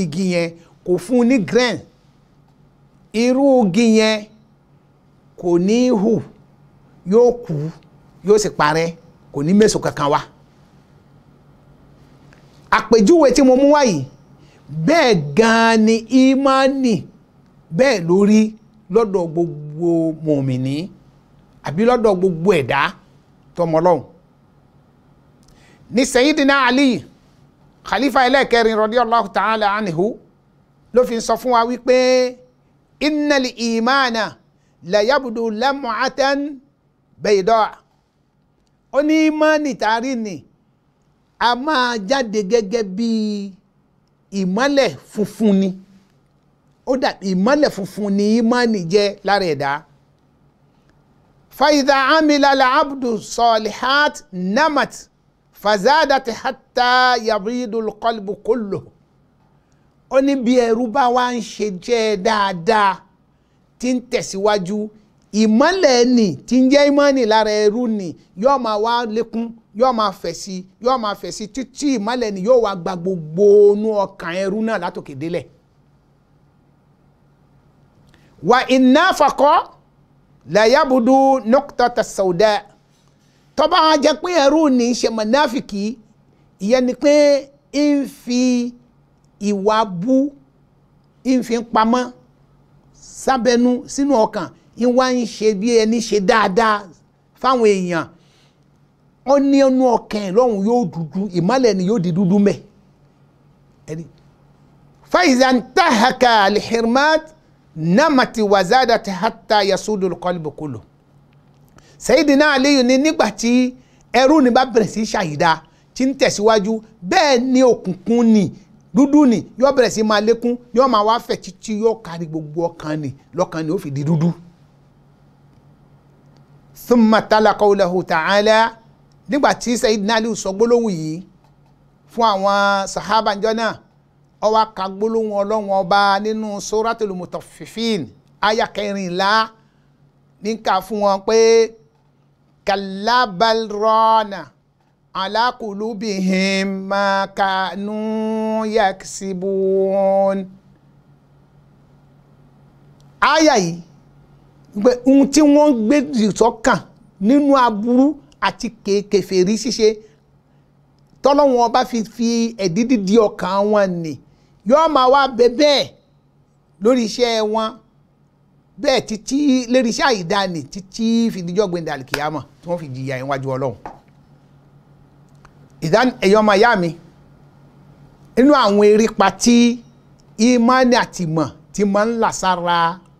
igi yẹn kò fún ní grain irú igi yẹn kò ní hù yóò kú yóò sì parẹ́ kò ní mèso kankan wá àpèjúwe tí mo mú wá bẹ́ẹ̀ gan-an ni ìmánì bẹ́ẹ̀ lórí lọ́dọ̀ gbogbo mòmìnì àbí lọ́dọ̀ gbogbo ẹ̀dá tọmọlọ́hùn ní Sayyidina Ali khalifa ẹlẹ́ẹ̀kẹrin radiyallahu ta'ala anhu ló fi sọ fún wa wípé innal imana la yabdu lam'atan bayda ó ní ìmánì tàrí ni a máa jáde gẹ́gẹ́ bíi ìmọ́lẹ̀ funfun ni ó dà ìmọ́lẹ̀ funfun ni ìmánì jẹ́ lára ẹ̀dá fàyídà amílàlà abdu sọlihat namat fàzádàtì hàtà yàbídùl kọlbù kúlò ó ní bí ẹrú bá wá ń ṣe jẹ́ dáadáa tí ń tẹ̀síwájú ìmọ́lẹ̀ ni tí ń jẹ́ ìmánì lára ẹrú ni yóò máa wá lékún yóò máa fẹ̀ sí yóò máa fẹ̀ sí títí ìmọ́lẹ̀ ni yóò wá gba gbogbo inú ọkàn ẹrú náà látòkè délẹ̀ wa iná fakọ́ làyàbùdú nọ́kítọ́tà sọ̀dá tọ́ba jẹ́ pé ẹrú ní ṣe mọ̀náfìkì ìyẹn ni pé ń fi ìwà bú ń fi pamọ́ sábẹ́nu sínú ọkàn ń wá ń ṣe bí ẹni ṣe dáadáa fáwọn èèyàn ọ́ní ẹnu ọkàn ẹ̀ lọ́hùn yóò dúdú ìmọ̀lẹ̀ ni yóò di dúdú mẹ́ ẹni. faiza ntahaka alihirmat namati wazada ti hata yasudu kọlibu kulu sayidina aliyu ni nígbà tí ẹrú ni bá bẹ̀rẹ̀ sí ṣàyídá tí ń tẹ̀síwájú bẹ́ẹ̀ ni òkùnkùn ni dúdú ni yóò bẹ̀rẹ̀ sí máa lékún yóò máa wá fẹ̀ títí yóò kárí gbogbo ọkàn ni lọ́kàn ni ó fi di dúdú. thumma talakaw ta'ala nígbà tí Sayyidina Ali sọ gbólóhùn yìí fún àwọn sahaba njọ́ náà ó wá ka gbólóhùn ọlọ́run ọba nínú suratul mutaffifin aya kẹrìnlá níka fún wọn pé kalla bal rana ala qulubihim aya yìí pé ohun tí wọ́n gbé sọ́kàn nínú aburú àti kèfèrí ṣíṣe tọ́lọ́wọ́n ọba fi fi ẹ̀dídì di ọkàn wọn nì yóò máa wá bẹ bẹ́ẹ̀ lórí iṣẹ́ wọn bẹ́ẹ̀ títí lérí iṣẹ́ àìdáni títí fìdíjọ́ gbẹ̀ndẹ̀ àlìkìyàmọ̀ tí wọ́n fi jìyà ìwájú ọlọ́run ìdán ẹ̀yọ́ ọmọ ìyá mi nínú àwọn erépa tí ìmánì àtìmọ̀ ti máa ń là sára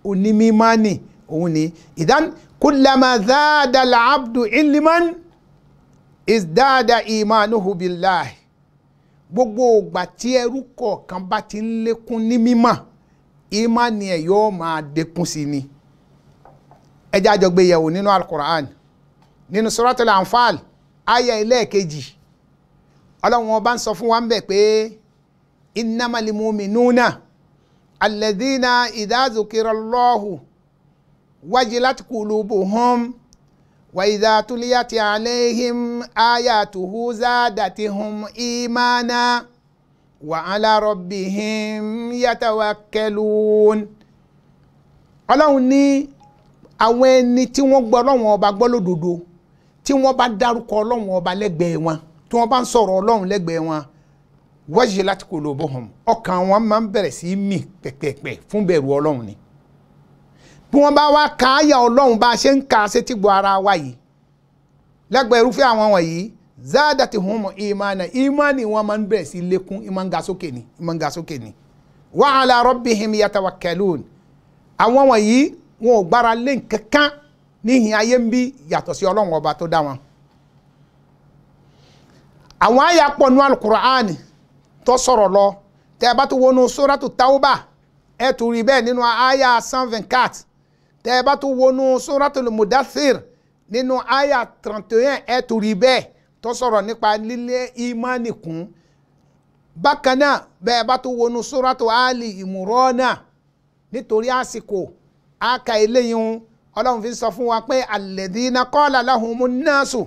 onímímánì òun ni ìdán كلما زاد العبد علما ازداد إيمانه بالله gbogbo ìgbà tí ẹrú kọ̀ọ̀kan bá ti ń lékún ní mímọ̀ ìmánì ẹ̀ yóò máa dẹkùn sí ni ẹjẹ́ àjọgbé yẹ̀wò nínú alukur'an nínú suratul anfal aya ẹlẹ́ẹ̀kejì ọlọ́run ọba ń sọ fún wa ń bẹ̀ pé innamal mu'minuna alladhina idha zukirallahu wajilat qulubuhum wa idha tuliyati alayhim ayatuhu zadatihum imana wa ala rabbihim yatawakkalun ọlọ́run ní àwọn ẹni tí wọ́n gbọ́ ọlọ́run ọba gbọ́ lódodo tí wọ́n bá dárúkọ ọlọ́run ọba lẹ́gbẹ̀ẹ́ wọn tí wọ́n bá ń sọ̀rọ̀ ọlọ́run lẹ́gbẹ̀ẹ́ wọn wajilat qulubuhum ọkàn wọn máa ń bẹ̀rẹ̀ sí í pẹ̀pẹ̀pẹ̀ fún bẹ̀rù ọlọ́run ni bí wọ́n bá wá ka àyà ọlọ́run bá a ṣe ń ka sétígbọ̀ ara wa yìí lẹ́gbẹ̀ẹ́ irúfẹ́ àwọn wọ̀nyí záàdàtì hùn mọ̀ ìmánà ìmánì wọn máa ń bẹ̀rẹ̀ sí lékún ìmọ̀ ń ga ni ìmọ̀ ń ga sókè ni wa ala rabbihim yatawakkalun àwọn wọ̀nyí wọn ò gbára lé nǹkankan níhìn ayé ń bí yàtọ̀ sí ọlọ́run ọba tó dá wọn. àwọn àyà pọ̀ nú alukur'an tó sọ̀rọ̀ lọ tẹ́ ẹ bá tó wọnú suratu tawba ẹ̀ tù rí bẹ́ẹ̀ nínú àyà sanvenkat tẹ́ ẹ bá tún wọnú suratul mudathir nínú aya trente et un ẹ̀ tó rí bẹ́ẹ̀ tó sọ̀rọ̀ nípa lílé ìmánì kún bákan náà bẹ́ẹ̀ bá tún wọnú suratu ali imurana nítorí àsìkò aka eléyìí hun ọlọ́run fi sọ fún wa pé alladhina qala lahumu nnasu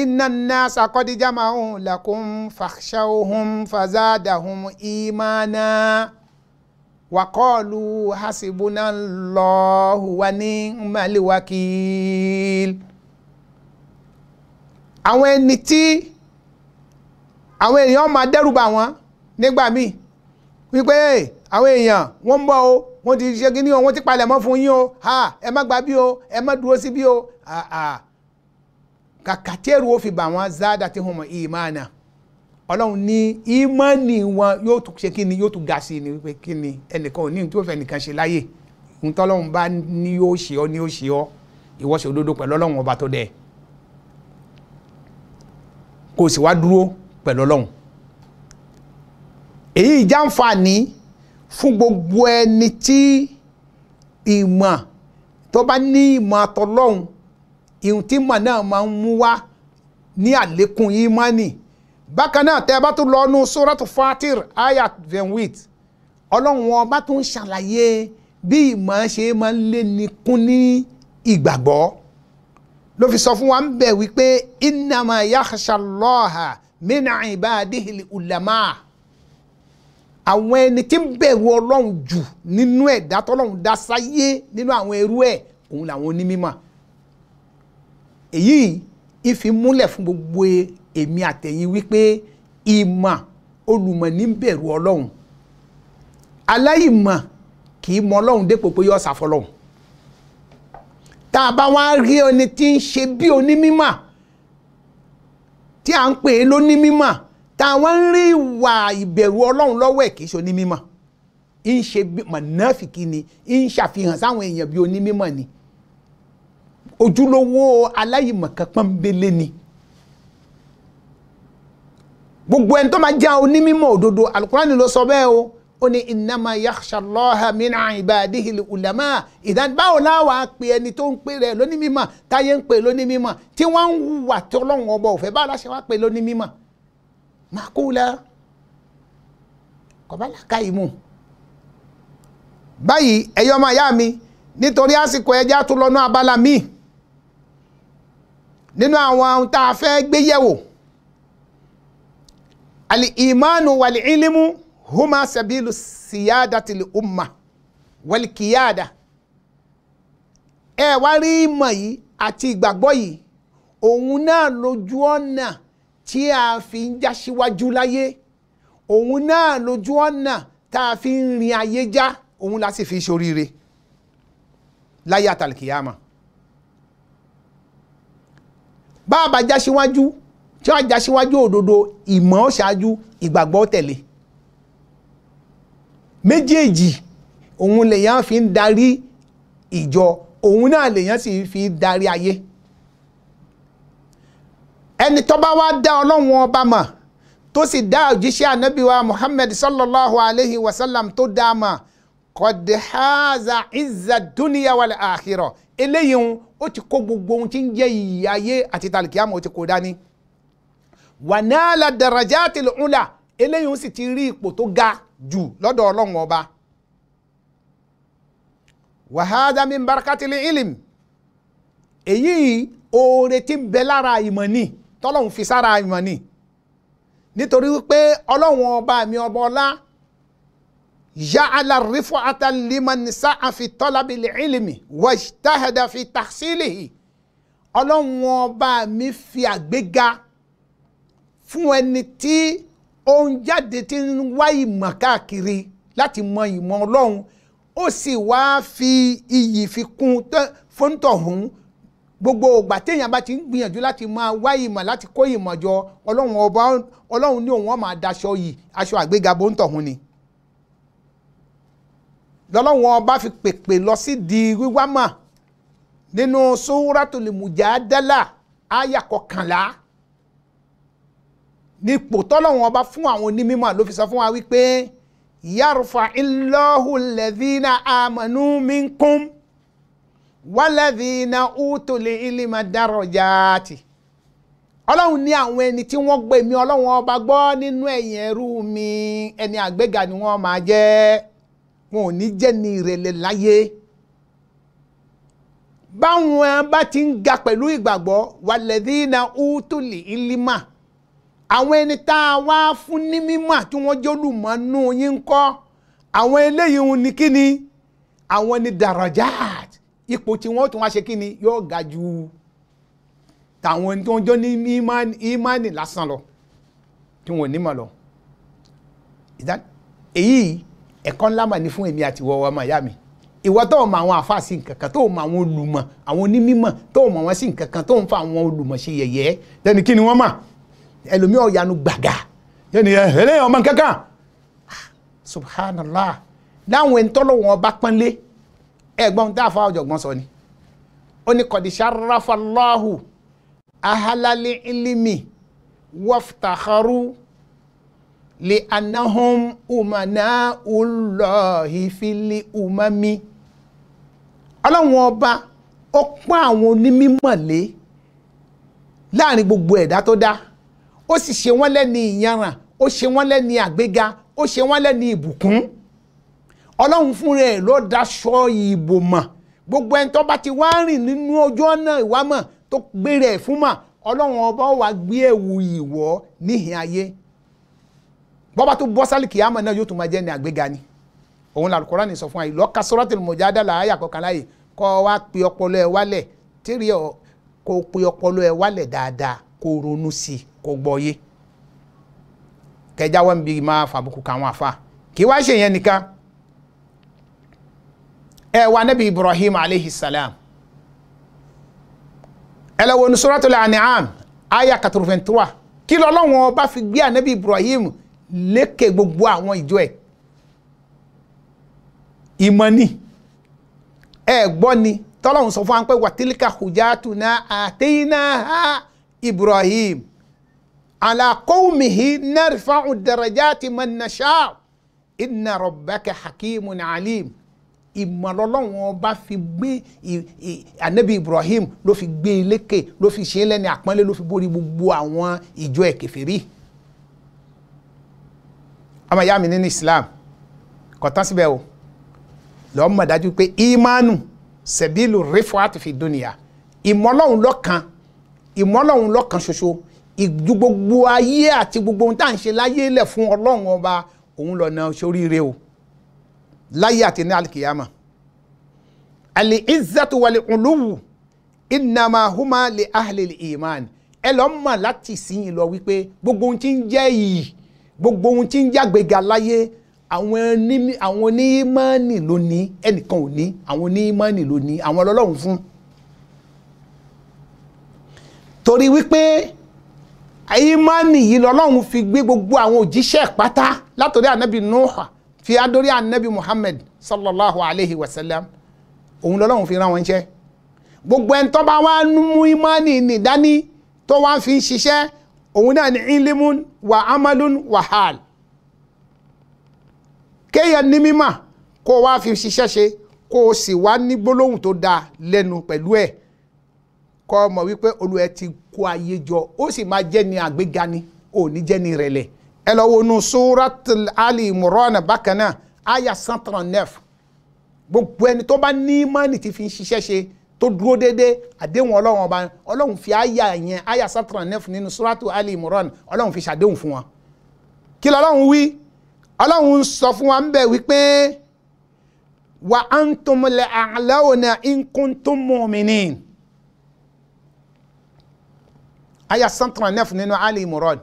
inna nnasa qad jama'u lakum fakhshawhum fazadahum imana wàkọ́ọ̀lù hasibuna lọ́ọ̀hù wa ní maliwakil àwọn ẹni tí àwọn èèyàn máa dẹ́rùbà wọn nígbà míì wípé àwọn èèyàn wọ́n ń bọ̀ o wọ́n ti ṣe kí ni o wọ́n ti palẹ̀ mọ́ fún yín o ha ẹ má gbà bí o ẹ má dúró sí bí o kàkàtẹ́rù ó fi bà wọ́n zádàtìhùn ìmáàna ọlọ́run ní ìmọ̀ọ́nì wọn yóò tún ṣe kí ni yóò tún ga sí ni wípé kí ni ẹnìkan ò ní ní tó fẹ́ nìkan ṣe láyè ohun tọ́lọ́run bá ní yóò ṣe ọ́ ní yóò ṣe ọ́ ìwọ ṣe òdodo pẹ̀lú ọlọ́run ọba tó dẹ̀ kò sì wá dúró pẹ̀lú ọlọ́run èyí ìjàǹfààní fún gbogbo ẹni tí ìmọ̀ tó bá ní ìmọ̀ àtọ́lọ́run ìhun tí ìmọ̀ náà máa ń mú wá ní àlékún ìmánì bákan náà tẹ́ ẹ bá tún lọ nu suratu fatir ayat venwit ọlọ́run wọn bá tún ṣàlàyé bí ìmọ̀ ṣe máa ń lé ní kún ní ìgbàgbọ́ ló fi sọ fún wa ń bẹ̀ wípé innama yakhsha Allaha min ulama àwọn ẹni tí ń bẹ̀rù ọlọ́run jù nínú ẹ̀dá tọ́lọ́run dá sáyé nínú àwọn ẹrú ẹ̀ òun làwọn onímọ̀ èyí ìfi fún gbogbo èmi àtẹ̀yìn wípé ìmọ̀ olùmọ̀ ní bẹ̀rù ọlọ́run aláìmọ̀ kì í mọ ọlọ́run dépò pé yọ ṣàfọlọ́run tá a bá wá rí ẹni tí ń ṣe bí onímímọ̀ tí à ń pè é lónímímọ̀ tá a wá ń rí ìwà ìbẹ̀rù ọlọ́run lọ́wọ́ ẹ̀ kì í ṣe onímímọ̀ ń ṣe mọ̀nàfìkì ni ń ṣàfihàn sáwọn èèyàn bí onímímọ̀ ni ojúlówó aláìmọ̀kan pọ́nbélé ni gbogbo ẹni tó máa jẹ́ onímọ̀ òdodo alukurani ló sọ bẹ́ẹ̀ o ó ní innama yakhshallaha min ibadihil ulama ìdáni báwo láwa pe ẹni tó ń pè rẹ̀ lónímímọ̀ táyé ń pè lónímímọ̀ tí wọ́n ń wà tí ọlọ́run ọba òfẹ́ báwo láṣẹ wá pè lónímímọ̀ màkúlà kọ̀bálà káyìmù báyìí ẹ̀yọ́ ọmọ ìyá mi nítorí àsìkò ẹja tó lọ́nà abala míì nínú àwọn ohun tá a fẹ́ gbé yẹ̀wò al-imanu wal-ilmu huma sabilu siyadati l-umma wal-kiyada ẹ wá rí ìmọ̀ yìí àti ìgbàgbọ́ yìí òun náà lójú ọ̀nà tí a fi ń já láyé òun náà lójú ọ̀nà tá a fi ń rin ayé já òun la fi ṣoríire láyé àtàlùkìyàmà bá a bá já tí wọ́n á jásíwájú òdodo ìmọ̀ ṣáájú ìgbàgbọ́ tẹ̀lé méjèèjì òun lèyàn fi ń darí ìjọ òun náà lèyàn sì fi ń darí ayé ẹni tó bá wá dá ọlọ́run ọba mọ̀ tó sì dá òjíṣẹ́ ànábìwá Muhammad sallallahu alayhi wa sallam tó dá a mọ̀ qad haza izza dúníyà wal akhirah eléyìí ó ti kó gbogbo ohun tí ń jẹ́ ìyà ayé àti tàlìkíyàmù ó ti kó dání wànálà dàrájàtì lùlà eléyìí sì ti rí ipò tó ga jù lọ́dọ̀ ọlọ́run ọba wàhádà mi barakatili ilim èyí oore tí ń bẹ lára ìmọ̀ ni tọ́lọ́hún fi sára ìmọ̀ ni nítorí wípé ọlọ́run ọba mi ọba ọlá jaala rifata liman sa'a fi ilimi wajtahada fi tahsilihi ọlọ́run ọba mi fi àgbéga fún ẹni tí ó ń jáde tí ń wá ìmọ̀ káàkiri láti mọ ìmọ̀ ọlọ́run ó sì wá fi iyì fi kún fóńtọ̀hún gbogbo ògbà téèyàn bá ti ń gbìyànjú láti máa wá ìmọ̀ láti kó ìmọ̀ jọ ọlọ́run ọba ọlọ́run ní òun ó máa daṣọ yìí aṣọ àgbéga bóńtọ̀hún ni lọ́lọ́run ọba fi pèpè lọ sí di wíwá mà nínú Suratul Mujadala àyà kọkànlá nípò tọ́lọ́run ọba fún àwọn onímọ̀ ló fi sọ fún wa wípé yarfa illahu alladhina amanu minkum walladhina utul ilma darajati ọlọ́run ní àwọn ẹni tí wọ́n gbé mi ọlọ́run ọba gbọ́ nínú ẹ̀yìn ẹrú mi ẹni àgbéga ni wọ́n máa jẹ́ wọn ò ní jẹ́ ní ìrẹ̀lẹ̀ láyé báwọn bá ti ń ga pẹ̀lú ìgbàgbọ́ walladhina utul ilma àwọn ẹni tá a wá fún ní mímọ̀ tí wọ́n jólùmọ̀ nú yín kọ́ àwọn eléyìí ni kí ni àwọn ni darajat ipò tí wọ́n tún wá ṣe kí ni yóò ga ju tàwọn ẹni tí wọ́n jọ ní ìmánì lásán lọ tí wọ́n ní mọ̀ lọ. èyí ẹ̀kọ́ ńlá mà ní fún èmi àti ìwọ ọmọ ìyá mi ìwọ tó mọ àwọn àfa sí tó mọ àwọn olùmọ̀ àwọn onímọ̀ tó mọ wọn sí nǹkan tó ń fa àwọn olùmọ̀ ṣe yẹ̀yẹ́ tẹni kí ni wọ́n ẹlòmí ọ̀yanu gbàgà yẹni ẹ eléyìí ọmọ kankan ah, subhanallah láwọn ìtọ́lọ́wọ́n ọba pọ́nlé ẹ̀gbọ́n tá a fọ ọ̀jọ̀gbọ́n sọ ni ó ní kọ̀díṣà ráfàláhù ahalali ilimi waftaharu li anahum umana ulọhi fili umami ọlọ́wọ́n ọba ó pọ́n àwọn onímọ̀ lé láàrin gbogbo ẹ̀dá tó dá ó sì ṣe wọ́n lẹ́ni ìyanràn ó ṣe wọ́n lẹ́ni àgbéga ó ṣe wọ́n lẹ́ni ìbùkún ọlọ́run fún rẹ̀ ló daṣọ ìbò mọ̀ gbogbo ẹni tó bá ti wá rìn nínú ojú ọ̀nà ìwà mọ̀ tó gbére ẹ̀ fún mọ̀ ọlọ́run ọba wa gbé ẹ̀wù ìwọ́ níhìn ayé bọ́ba tó bọ́ sálì kìámọ̀ náà yóò tún máa jẹ́ ní àgbéga ni òun làlùkùránì sọ fún wa ìlọ́ka suratul mujadala àyà kọkànlá yìí kọ́ wa pe ọpọlọ ẹ wálẹ̀ tírí kó pe ọpọlọ ẹ wálẹ̀ dáadáa kó ronú sí i kó gbọ́ yé kẹjáwọ́ ń bi máa fàbùkù káwọn àfa kì í wá ṣe yẹn nìkan ẹ wá nabi Ibrahim aleyhi salam ẹ lọ wo ní Suratul An'am aya kàtúrùfẹ̀ntúwà kí lọ́lọ́wọ́n bá fi gbé ànábì Ibrahim lékè gbogbo àwọn ìjọ ẹ̀ ìmọ̀ ẹ gbọ́ ni tọ́lọ́hún sọ fún wa pé wàtílíkà hujjatuna àtẹ́yìnà Ibrahim على قومه نرفع الدرجات من نشاء إن ربك حكيم عليم ìmọ̀lọ́lọ́wọ́n ọba fi gbé anabi Ibrahim ló fi gbé e lékè ló fi ṣe é lẹ́ni àpọ́nlé ló fi borí gbogbo àwọn ìjọ ẹ̀ kèfèrí. ọmọ ìyá mi nínú Islam kò tán síbẹ̀ o lọ́ọ́ mọ̀ dájú pé imanu sẹ̀bílù rẹ́fọ́ fi dúnìyà ìmọ̀lọ́hún lọ́kan ìmọ̀lọ́hún lọ́kan ṣoṣo ìjú gbogbo ayé àti gbogbo ohun tá à ń ṣe láyé lẹ̀ fún ọlọ́run ọba òun lọ́nà ṣoríire o láyé àti ní alikiyama àlè ìzàtò wàlẹ̀ òlùwù ìnàmà húmà lè àhàlẹ̀ ìmán ẹ lọ́ mọ̀ láti sìn lọ wípé gbogbo ohun tí ń jẹ́ yìí gbogbo ohun tí ń jágbéga láyé àwọn onímọ̀ọ́nì ló ẹnìkan ò àwọn onímọ̀ọ́nì ló àwọn ọlọ́run fún torí wípé ìmánì yìí lọ́lọ́run fi gbé gbogbo àwọn òjíṣẹ́ pátá látòrí ànábì nuha fi adórí ànábì muhammed sallallahu alayhi wa sallam òun lọ́lọ́run fi rán wọn jẹ́ gbogbo ẹni tó bá wá mú ìmánì nìdání tó wá fi ń ṣiṣẹ́ òun náà ní ilimun wa amalun wa hal kéèyàn ní mímọ̀ kó wá fi ṣiṣẹ́ ṣe kó o sì wá ní gbólóhùn tó dáa lẹ́nu pẹ̀lú ẹ̀ kọ́ ọ mọ̀ wípé olú ẹ ti kó ayé jọ ó sì máa jẹ́ ni àgbéga ni ò ní jẹ́ ni rẹ̀lẹ̀ ẹ lọ wo nu surat ali imran bákan náà aya cent trente neuf gbogbo ẹni tó bá ní mọ́nì tí fi ṣiṣẹ́ ṣe tó dúró déédéé àdéhùn ọlọ́run ọba ọlọ́run fi aya yẹn aya cent neuf nínú surat ali imran ọlọ́run fi ṣàdéhùn fún wọn kí lọ́lọ́run wí ọlọ́run ń sọ fún wa ń bẹ̀ wípé wa antum la a'launa aya santra nef nínú ali imran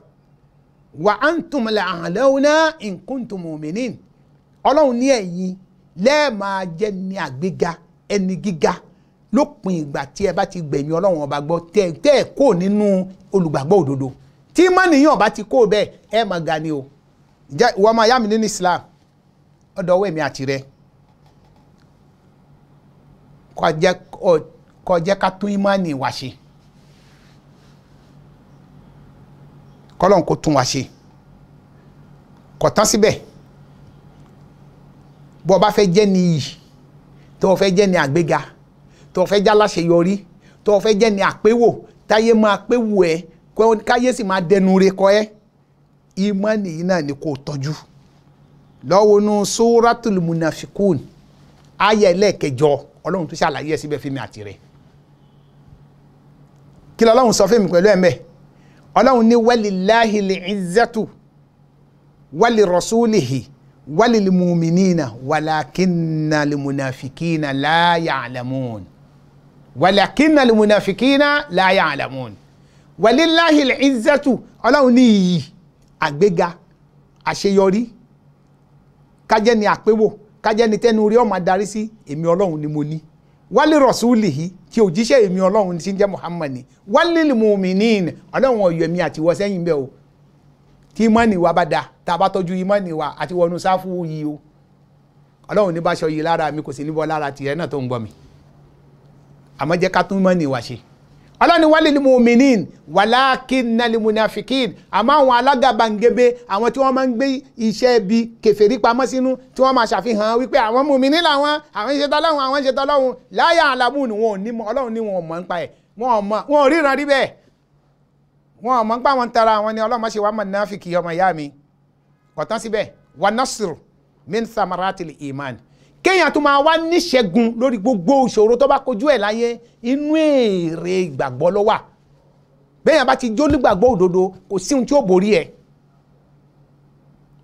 wa antum la'alawna in kuntum mu'minin ọlọ́run ní ẹ̀yin lẹ́ẹ̀máa jẹ́ ní àgbéga ẹni gíga lópin ìgbà tí ẹ bá ti gbẹ̀mí ọlọ́run ọba gbọ́ tẹ́ ẹ kó nínú olùgbàgbọ́ òdodo tí mọ́nìyàn bá ti kó bẹ́ẹ̀ ẹ máa ga ni o ìwọ ọmọ ayá mi nínú islam ọdọ ọwọ́ èmi àti rẹ kọjá ká tún ìmánì wá ṣe. kọ́lọ́n kó tún wa ṣe kò tán síbẹ̀ bó o bá fẹ́ jẹ́ ni iyì tó o fẹ́ jẹ́ ni àgbéga tó o fẹ́ jẹ́ aláṣeyọrí tó o fẹ́ jẹ́ ni àpéwò táyé máa péwò ẹ káyé sì máa dẹnu re kọ ẹ ìmọ̀ nìyí náà ni kò tọ́jú lọ́wọ́ nu suratul munafikun ayé ẹlẹ́ẹ̀kẹjọ ọlọ́run tó ṣàlàyé ẹ síbẹ̀ fún mi àti rẹ̀ kí lọ́lọ́run sọ fún mi pẹ̀lú ẹ̀ ọlọ́run ní walillahi li'izzatu walirasulihi walilmuminina walakinna limunafikina la ya'lamun walakinna limunafikina la ya'lamun walillahi li'izzatu ọlọ́run ní iyì àgbéga àṣeyọrí kájẹ́ ni àpéwò kájẹ́ ni tẹ́nu rí ọmọ adarí sí èmi ọlọ́run ni mo ní wálé rọ̀súlì yìí kí òjíṣẹ́ èmi ọlọ́run tí ń jẹ́ Muhammad ni wálé mùmínín ọlọ́run ọ̀yọ́ èmi àti ìwọ bẹ́ẹ̀ o tí ìmọ̀nì wa bá da tá a bá tọ́jú ìmọ̀nì wa àti wọnú sáfù yìí o ọlọ́run ní bá aṣọ yìí lára mi kò sí níbọ̀ lára tìrẹ náà tó ń gbọ́ mi àmọ́ jẹ́ ká tún ìmọ̀nì wa ṣe ọlọ́ni wálé ni mùmínín wàlákin nàlí munafikin àmọ́ àwọn alágàbàǹgebè àwọn tí wọ́n máa ń gbé iṣẹ́ ibi kèfèrí pamọ́ sínú tí wọ́n máa ṣàfihàn wípé àwọn mùmínín làwọn àwọn ń ṣe tọ́lọ́hún àwọn ń ṣe tọ́lọ́hún láyà alábù ni wọn ò ní ọlọ́run ní wọn ò mọ̀ nípa ẹ̀ wọn ò mọ̀ wọn ò ríran rí bẹ́ẹ̀ wọn ò mọ̀ nípa wọn tara àwọn ni ọlọ́mọ kéèyàn tó máa wá níṣẹ́gun lórí gbogbo ìṣòro tó bá kojú ẹ̀ láyé inú èrè ìgbàgbọ́ ló wà béèyàn bá ti jó nígbàgbọ́ òdodo kò sí ohun tí ó borí ẹ̀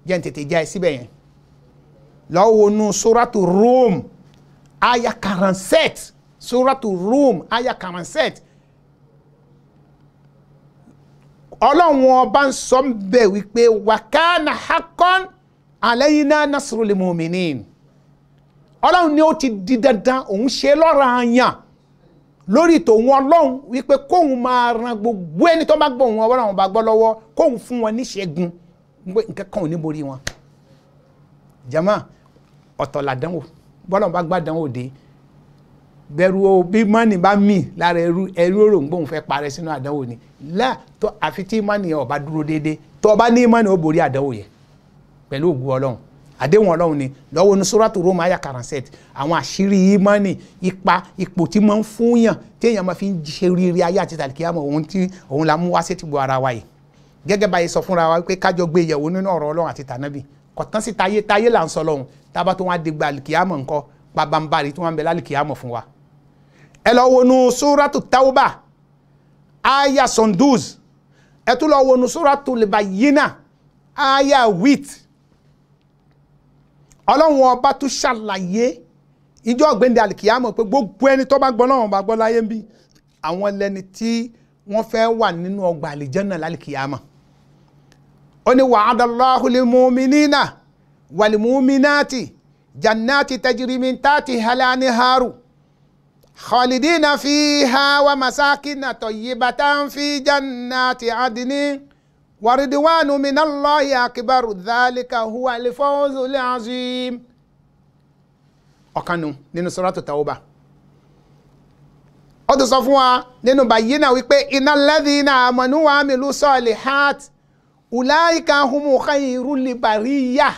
jẹ́ n tètè já ẹ síbẹ̀ yẹn lọ́wọ́ nu suratu Rome aya karanset suratu Rome aya karanset ọlọ́run ọba ń sọ ń bẹ̀ wípé wàkánà hakọ́n alayna nasrul mu'minin ọlọ́run ni ó ti di dandan òun ṣe lọ́ranyàn lórí tòun ọlọ́run wípé kóun máa ran gbogbo ẹni tó bá gbọ́ òun ọwọ́ làwọn bá gbọ́ lọ́wọ́ kóun fún wọn níṣẹ́gun pé nǹkan kan ò ní borí wọn. jama ọ̀tọ̀ làdánwò bọ́lọ́run bá gbàdánwò dé bẹ̀rù o bí mọ́nì bá mì lára ẹrú ẹrú òròǹgbòhùn fẹ́ parẹ́ sínú àdánwò ni láà tó àfi tí mọ́nì ọba dúró déédéé tó ọba ní mọ́nì ó borí àdánwò yẹn pẹ̀lú ògùn ọlọ́run àdéhùn ọlọ́run ni lọ́wọ́ ní suratu Rum aya karansẹ́t àwọn àṣírí ìmánì ipa ipò tí máa ń fúnyàn téèyàn máa fi ń ṣe rírì ayé àti tàlìkíyàmọ̀ òun tí òun la mú wá sí tìbò ara wa yìí gẹ́gẹ́ báyìí sọ fúnra wa pé kájọ gbé yẹ̀wò nínú ọ̀rọ̀ ọlọ́run àti tànábì kọ̀tán sí tayé tayé là ń sọ lọ́hùn tábà tó wá dégbà àlìkíyàmọ̀ nǹkan pabambarì tó wá ń bẹ lálìkíyàmọ̀ fún wa. ẹ lọ wọnú suratu tauba aya sonduz ẹ tún lọ wọnú suratu libayina aya wheat ọlọ́run ọba tún ṣàlàyé ìjọ ọ̀gbẹ́ni alìkìyàmọ̀ pé gbogbo ẹni tó bá gbọ́ náà wọn bá gbọ́ láyé ń bí àwọn lẹni tí wọ́n fẹ́ wà nínú ọgbà àlìjẹ́nà lálìkìyàmọ̀ ó ní wa'adallahu lilmu'minina walmu'minati jannati tajri min tahtiha al-anharu khalidina fiha wa masakina tayyibatan fi jannati adnin wàrídìwánu minallahi akibaru dhalika huwa alifawzul azim ọ̀kanu nínú suratu tawba ó ti sọ fún wa nínú bàyí náà wípé innal ladhina amanu wa amilu salihat ulaika humu khayrul bariyah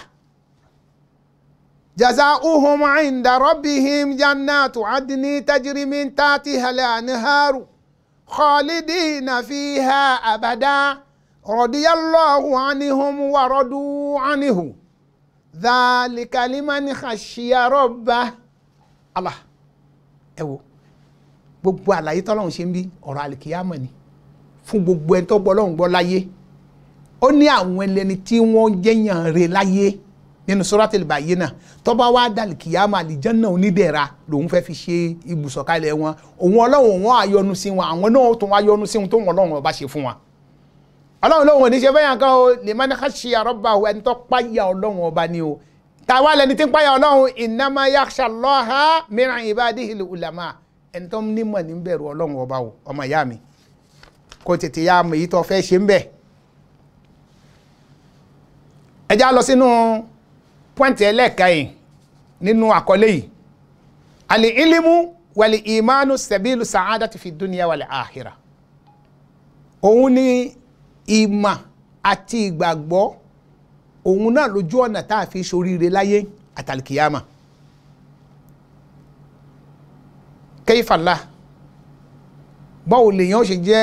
jazauhum inda rabbihim jannatu adni tajri min tahtiha al-anharu khalidina fiha abada rọ̀díyàlọ́hù ánihùn wàrọ́dú ánihùn dàlíkàlímánì àṣìyàrọ̀bà Allah ẹ wo gbogbo àlàyé tọ́lọ́hún ṣe ń bí ọ̀rọ̀ àlìkìyàmọ̀ ni fún gbogbo ẹni tó gbọ́ lọ́hún gbọ́ láyé ó ní àwọn ẹlẹ́ni tí wọ́n jẹ́yàn rẹ̀ láyé nínú suratul bayyina tọ́ba wa dàlìkìyàmọ̀ àlìjánná onídẹ̀ra lòun fẹ́ fi ṣe ibùsọ̀kalẹ̀ wọn òun ọlọ́run wọn àyọnu sí wọn àwọn náà tó wọn àyọnu sí wọn tó wọn ọlọ́run ọba ṣe fún wọn ọlọ́run lóhun òní ṣe fẹ́yàn kan o liman khashiya rabbahu ẹni tó páyà ọlọ́run ọba ni o tàwa lẹni tí ń páyà ọlọ́run innama yakhsha Allaha min ibadihil ulama ẹni tó ń nímọ̀ ní bẹ̀rù ọlọ́run ọba o ọmọ ìyá mi kò tètè ya mọ̀ èyí tó fẹ́ ṣe ń bẹ̀. ẹ já lọ sínú pọ́ǹtì ẹlẹ́ẹ̀ka nínú àkọlé yìí àlè ìlímù wàlè ìmánu sẹ̀bílù sàádàtì fi dúnìyà wàlè àhìrà òun ni ìmà àti ìgbàgbọ́ òun náà lójú ọ̀nà tá a fi ṣoríire láyé àtàlìkìyàmà kẹ́yìfàlà báwo lèèyàn ṣe jẹ́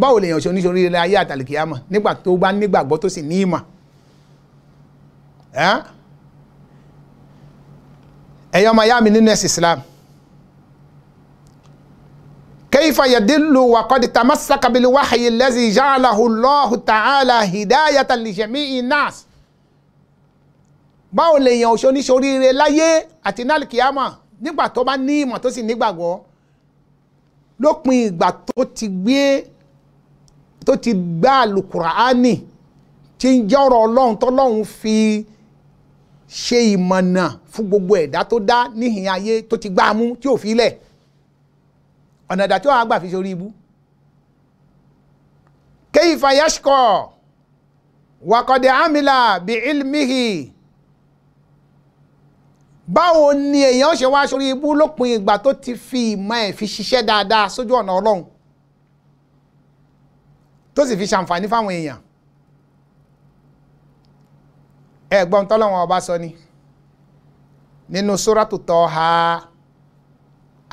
báwo lèèyàn ṣe oníṣoríire láyé àtàlìkìyàmà nígbà tó bá nígbàgbọ́ tó sì ní ìmà ẹ̀yọ́ ọmọ ayá mi nínú ẹ̀sìn Islam. كيف يدل wa qad tamassaka bil wahyi allazi ja'alahu Allahu ta'ala hidayatan li jami'in nas báwo lèèyàn ò ṣoníṣoríire láyé àti nálìkìyàmọ̀ nígbà tó bá ní ìmọ̀ tó sì nígbàgbọ́ lópin ìgbà tó ti gbé tó ti gbá àlùkùránì tí ń jọ́rọ̀ ọlọ́run tọ́lọ́run fi ṣe ìmọ̀nà fún gbogbo ẹ̀dá tó dá níhìn ayé tó ti gbá mú tí ò fi lẹ̀ ọ̀nà ìdá tí wọ́n á gbà fi ṣe ibú kéyìfà yashkọ wàkọ̀dẹ̀ amila bi ilmihi báwo ni èèyàn ṣe wá sórí ibú lópin ìgbà tó ti fi ìmọ̀ ẹ̀ fi ṣiṣẹ́ dáadáa sójú ọ̀nà ọlọ́run tó sì fi ṣàǹfààní fáwọn èèyàn ẹ̀gbọ́n tọ́lọ́wọ́n ọba sọ ni nínú sóràtútọ́ ha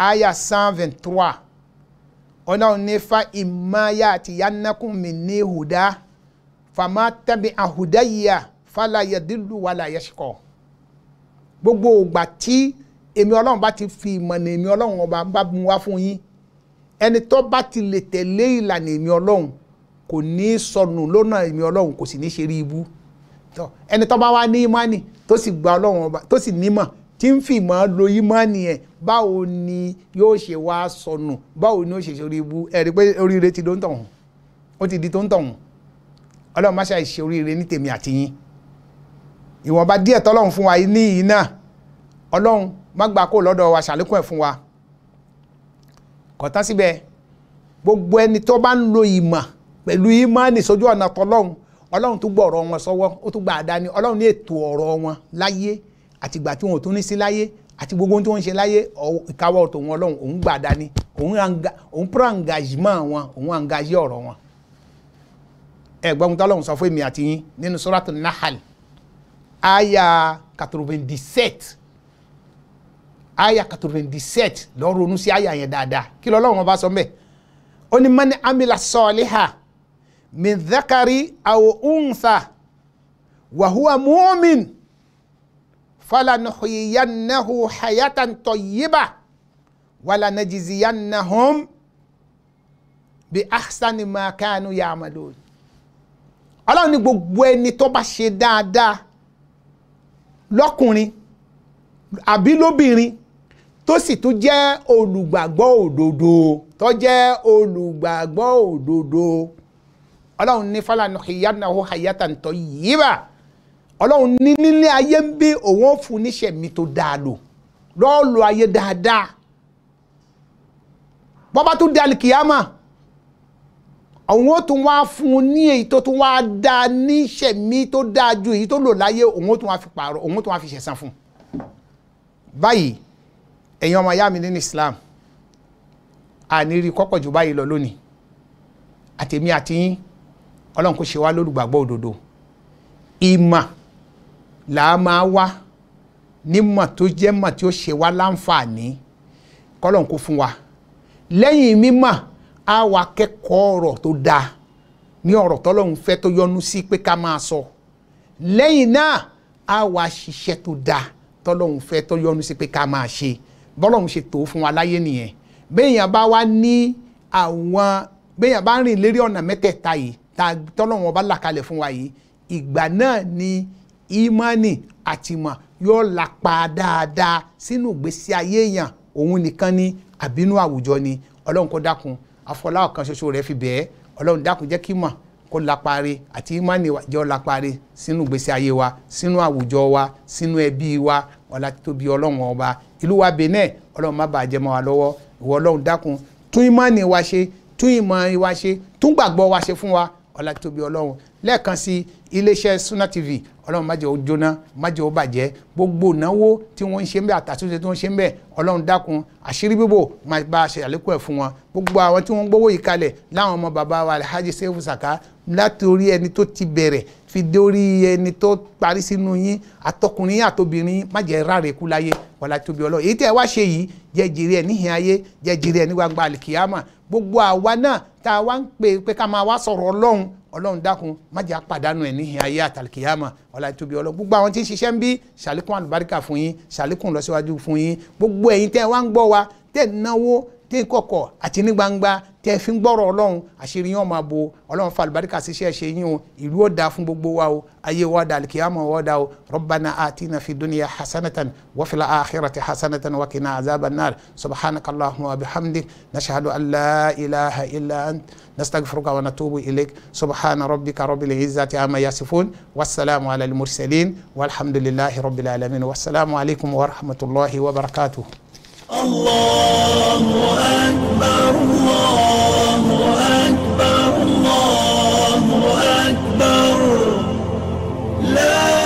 aya 123 ọlọ́run ní fa ìmáyà àti yánákùn mi ní hùdá fàmà tẹ́bi àhùdá yìíyà fàlàyé dídú wà láyé ṣìkọ́ gbogbo ògbà tí èmi ọlọ́run bá ti fi ìmọ̀nà èmi ọlọ́run ọba bá mu wá fún yín ẹni tó bá ti lè tẹ̀lé ìlànà èmi ọlọ́run kò ní í sọnù lọ́nà èmi ọlọ́run kò sì ní í ṣe rí ibú ẹni tó bá wá ní ìmánì tó sì gba ọlọ́run ọba tó sì nímọ̀ tí ń fi máa lo ìmánì ẹ̀ báwo ni yóò ṣe wá sọnù báwo ni yóò ṣe orí ibu ẹ̀rí pé oríire ti ló ń tọ̀hún ó ti di tó ń tọ̀hún ọlọ́run má ṣàì ṣe oríire ní tèmi àti yín ìwọ̀nba díẹ̀ tọ́lọ́run fún wa ní yìí náà ọlọ́run má gbà kó lọ́dọ̀ wa ṣàlékún ẹ̀ fún wa kọ̀tán síbẹ̀ gbogbo ẹni tó bá ń lo ìmọ̀ pẹ̀lú ìmánì sójú ọ̀nà tọ́lọ́run ọlọ́run tó gbọ́ ọ̀rọ̀ wọn sọ́wọ́ ó tún gbà dání ọlọ́run ní ètò ọ̀rọ̀ wọn láyé àtìgbà tí wọn ò tún ní sí láyé àti gbogbo ohun tí wọ́n ń ṣe láyé ìkáwọ́ tòun ọlọ́run òun gbà dání òun pro engagement wọn òun engagé ọ̀rọ̀ wọn. ẹ̀gbọ́n tó ọlọ́run sọ fún èmi àti yín nínú suratul Nahl aya quatre aya quatre vingt dix lọ́ọ́ ronú sí aya yẹn dáadáa kí lọ́lọ́run bá sọ mbẹ́ ó ní mani amila saliha min dhakari aw untha wa huwa mu'min falanuhiyannahu hayatan tayyiba walanajiziyannahum bi ahsani ma kanu ya'malun ọlọ́run ní gbogbo ẹni tó bá ṣe dáadáa lọ́kùnrin àbí lóbìnrin tó sì tún jẹ́ olùgbàgbọ́ òdodo tó jẹ́ olùgbàgbọ́ òdodo ọlọ́run ní falanuhiyannahu hayatan tayyiba ọlọ́run ní nílé ayé ń bí òun ó fún níṣẹ́ mi tó dáa lò lọ́ọ̀lù ayé dáadáa bọ́bá tó dá alìkìyàmà òun ó tún wá fún un ní èyí tó tún wá dá níṣẹ́ mi tó dáa ju èyí tó lò láyé òun ó tún wá fi pààrọ̀ òun ó tún wá fi ṣẹ̀san fún un báyìí ẹ̀yin ọmọ ìyá mi nínú Islam àníri kọ́pọ̀ jù báyìí lọ lónìí àtèmi àtiyín ọlọ́run kò ṣe wá lólùgbàgbọ́ òdodo ìmà. La á máa wá nímọ̀ tó jẹ́ mọ̀ tí ó ṣe wá láǹfààní kọ́lọ̀ ń kó fún wa lẹ́yìn mímọ̀ á wá kẹ́kọ̀ọ́ ọ̀rọ̀ tó dáa ní ọ̀rọ̀ tọ́lọ́hún fẹ́ tó yọ́nú sí pé ká máa sọ lẹ́yìn náà á wá ṣiṣẹ́ tó dáa tọ́lọ́hún fẹ́ tó yọ́nú sí pé ká máa ṣe bọ́lọ́hún ṣe tó fún wa láyé nìyẹn béèyàn bá wá ní àwọn béèyàn bá rìn lérí ọ̀nà mẹ́tẹ̀ẹ̀ta yìí tọ́lọ́hún ọba là fún wa yìí ìgbà náà ni ìmánì àtìmọ̀ yóò lapa dáadáa sínú ìgbésí ayé èèyàn òun nìkan ni àbínú àwùjọ ni ọlọ́run kó dákun afọlá ọ̀kan ṣoṣo rẹ̀ fi bẹ́ẹ̀ ọlọ́run dákun jẹ́ kí mọ̀ kó lapare àti ìmánì jọ lapare sínú ìgbésí ayé wa sínú àwùjọ wa sínú ẹbí wa ọlá títóbi ọlọ́run ọba ìlú wa Benin ọlọ́run má bàa jẹ́ mọ́ wa lọ́wọ́ ìwọ ọlọ́run dákun tún ìmánì wa ṣe tún ìmọ̀ wa ṣe tún gbàgbọ́ wa ṣe fún wa ọlá títóbi ọlọ́run lẹ́ẹ̀kan sí i iléeṣẹ́ Sunna TV ọlọ́run má jẹ́ ó jóná má jẹ́ ó bàjẹ́ gbogbo ìnáwó tí wọ́n ń ṣe ń bẹ́ àtàtúnṣe tí wọ́n ń ṣe ń bẹ́ ọlọ́run dákun àṣírí bíbò má bá a ṣe àlékún ẹ̀ fún wọn gbogbo àwọn tí wọ́n ń gbowó yìí kalẹ̀ láwọn ọmọ bàbá wa alhaji sefu saka látòrí ẹni tó ti bẹ̀rẹ̀ fi dórí ẹni tó parí sínú yín àtọkùnrin àtobìnrin má jẹ́ ráre kú láyé wàlá tóbi ọlọ́run ọlọ́run dákun májà pàdánù ẹ̀ níhìn ayé àtàlùkìyàmà ọlá ìtòbí ọlọ́run gbogbo àwọn tí ń ṣiṣẹ́ ń bí ṣàlékún àlùbáríkà fún yín ṣàlékún lọ́síwájú fún yín gbogbo ẹ̀yin tẹ́ wá ń gbọ́ wa tẹ́ náwó tẹ́ kọ̀kọ̀ àti ní gbangba tẹ́ fi ń gbọ́rọ̀ ọlọ́run àṣírí yan ma bo olohun fa albarika si ṣe se yín o iru oda fún gbogbo wa o ayé wa dal kiyama wa da o rabbana atina fi dunya hasanatan wa fil akhirati hasanatan wa qina azaban nar subhanaka allahumma wa bihamdik nashhadu an la ilaha illa ant nastaghfiruka wa natubu ilaik subhana rabbika rabbil izzati amma yasifun wa salamu ala al mursalin walhamdulillahi rabbil alamin wassalamu alaykum wa rahmatullahi wa barakatuh الله أكبر الله أكبر الله أكبر لا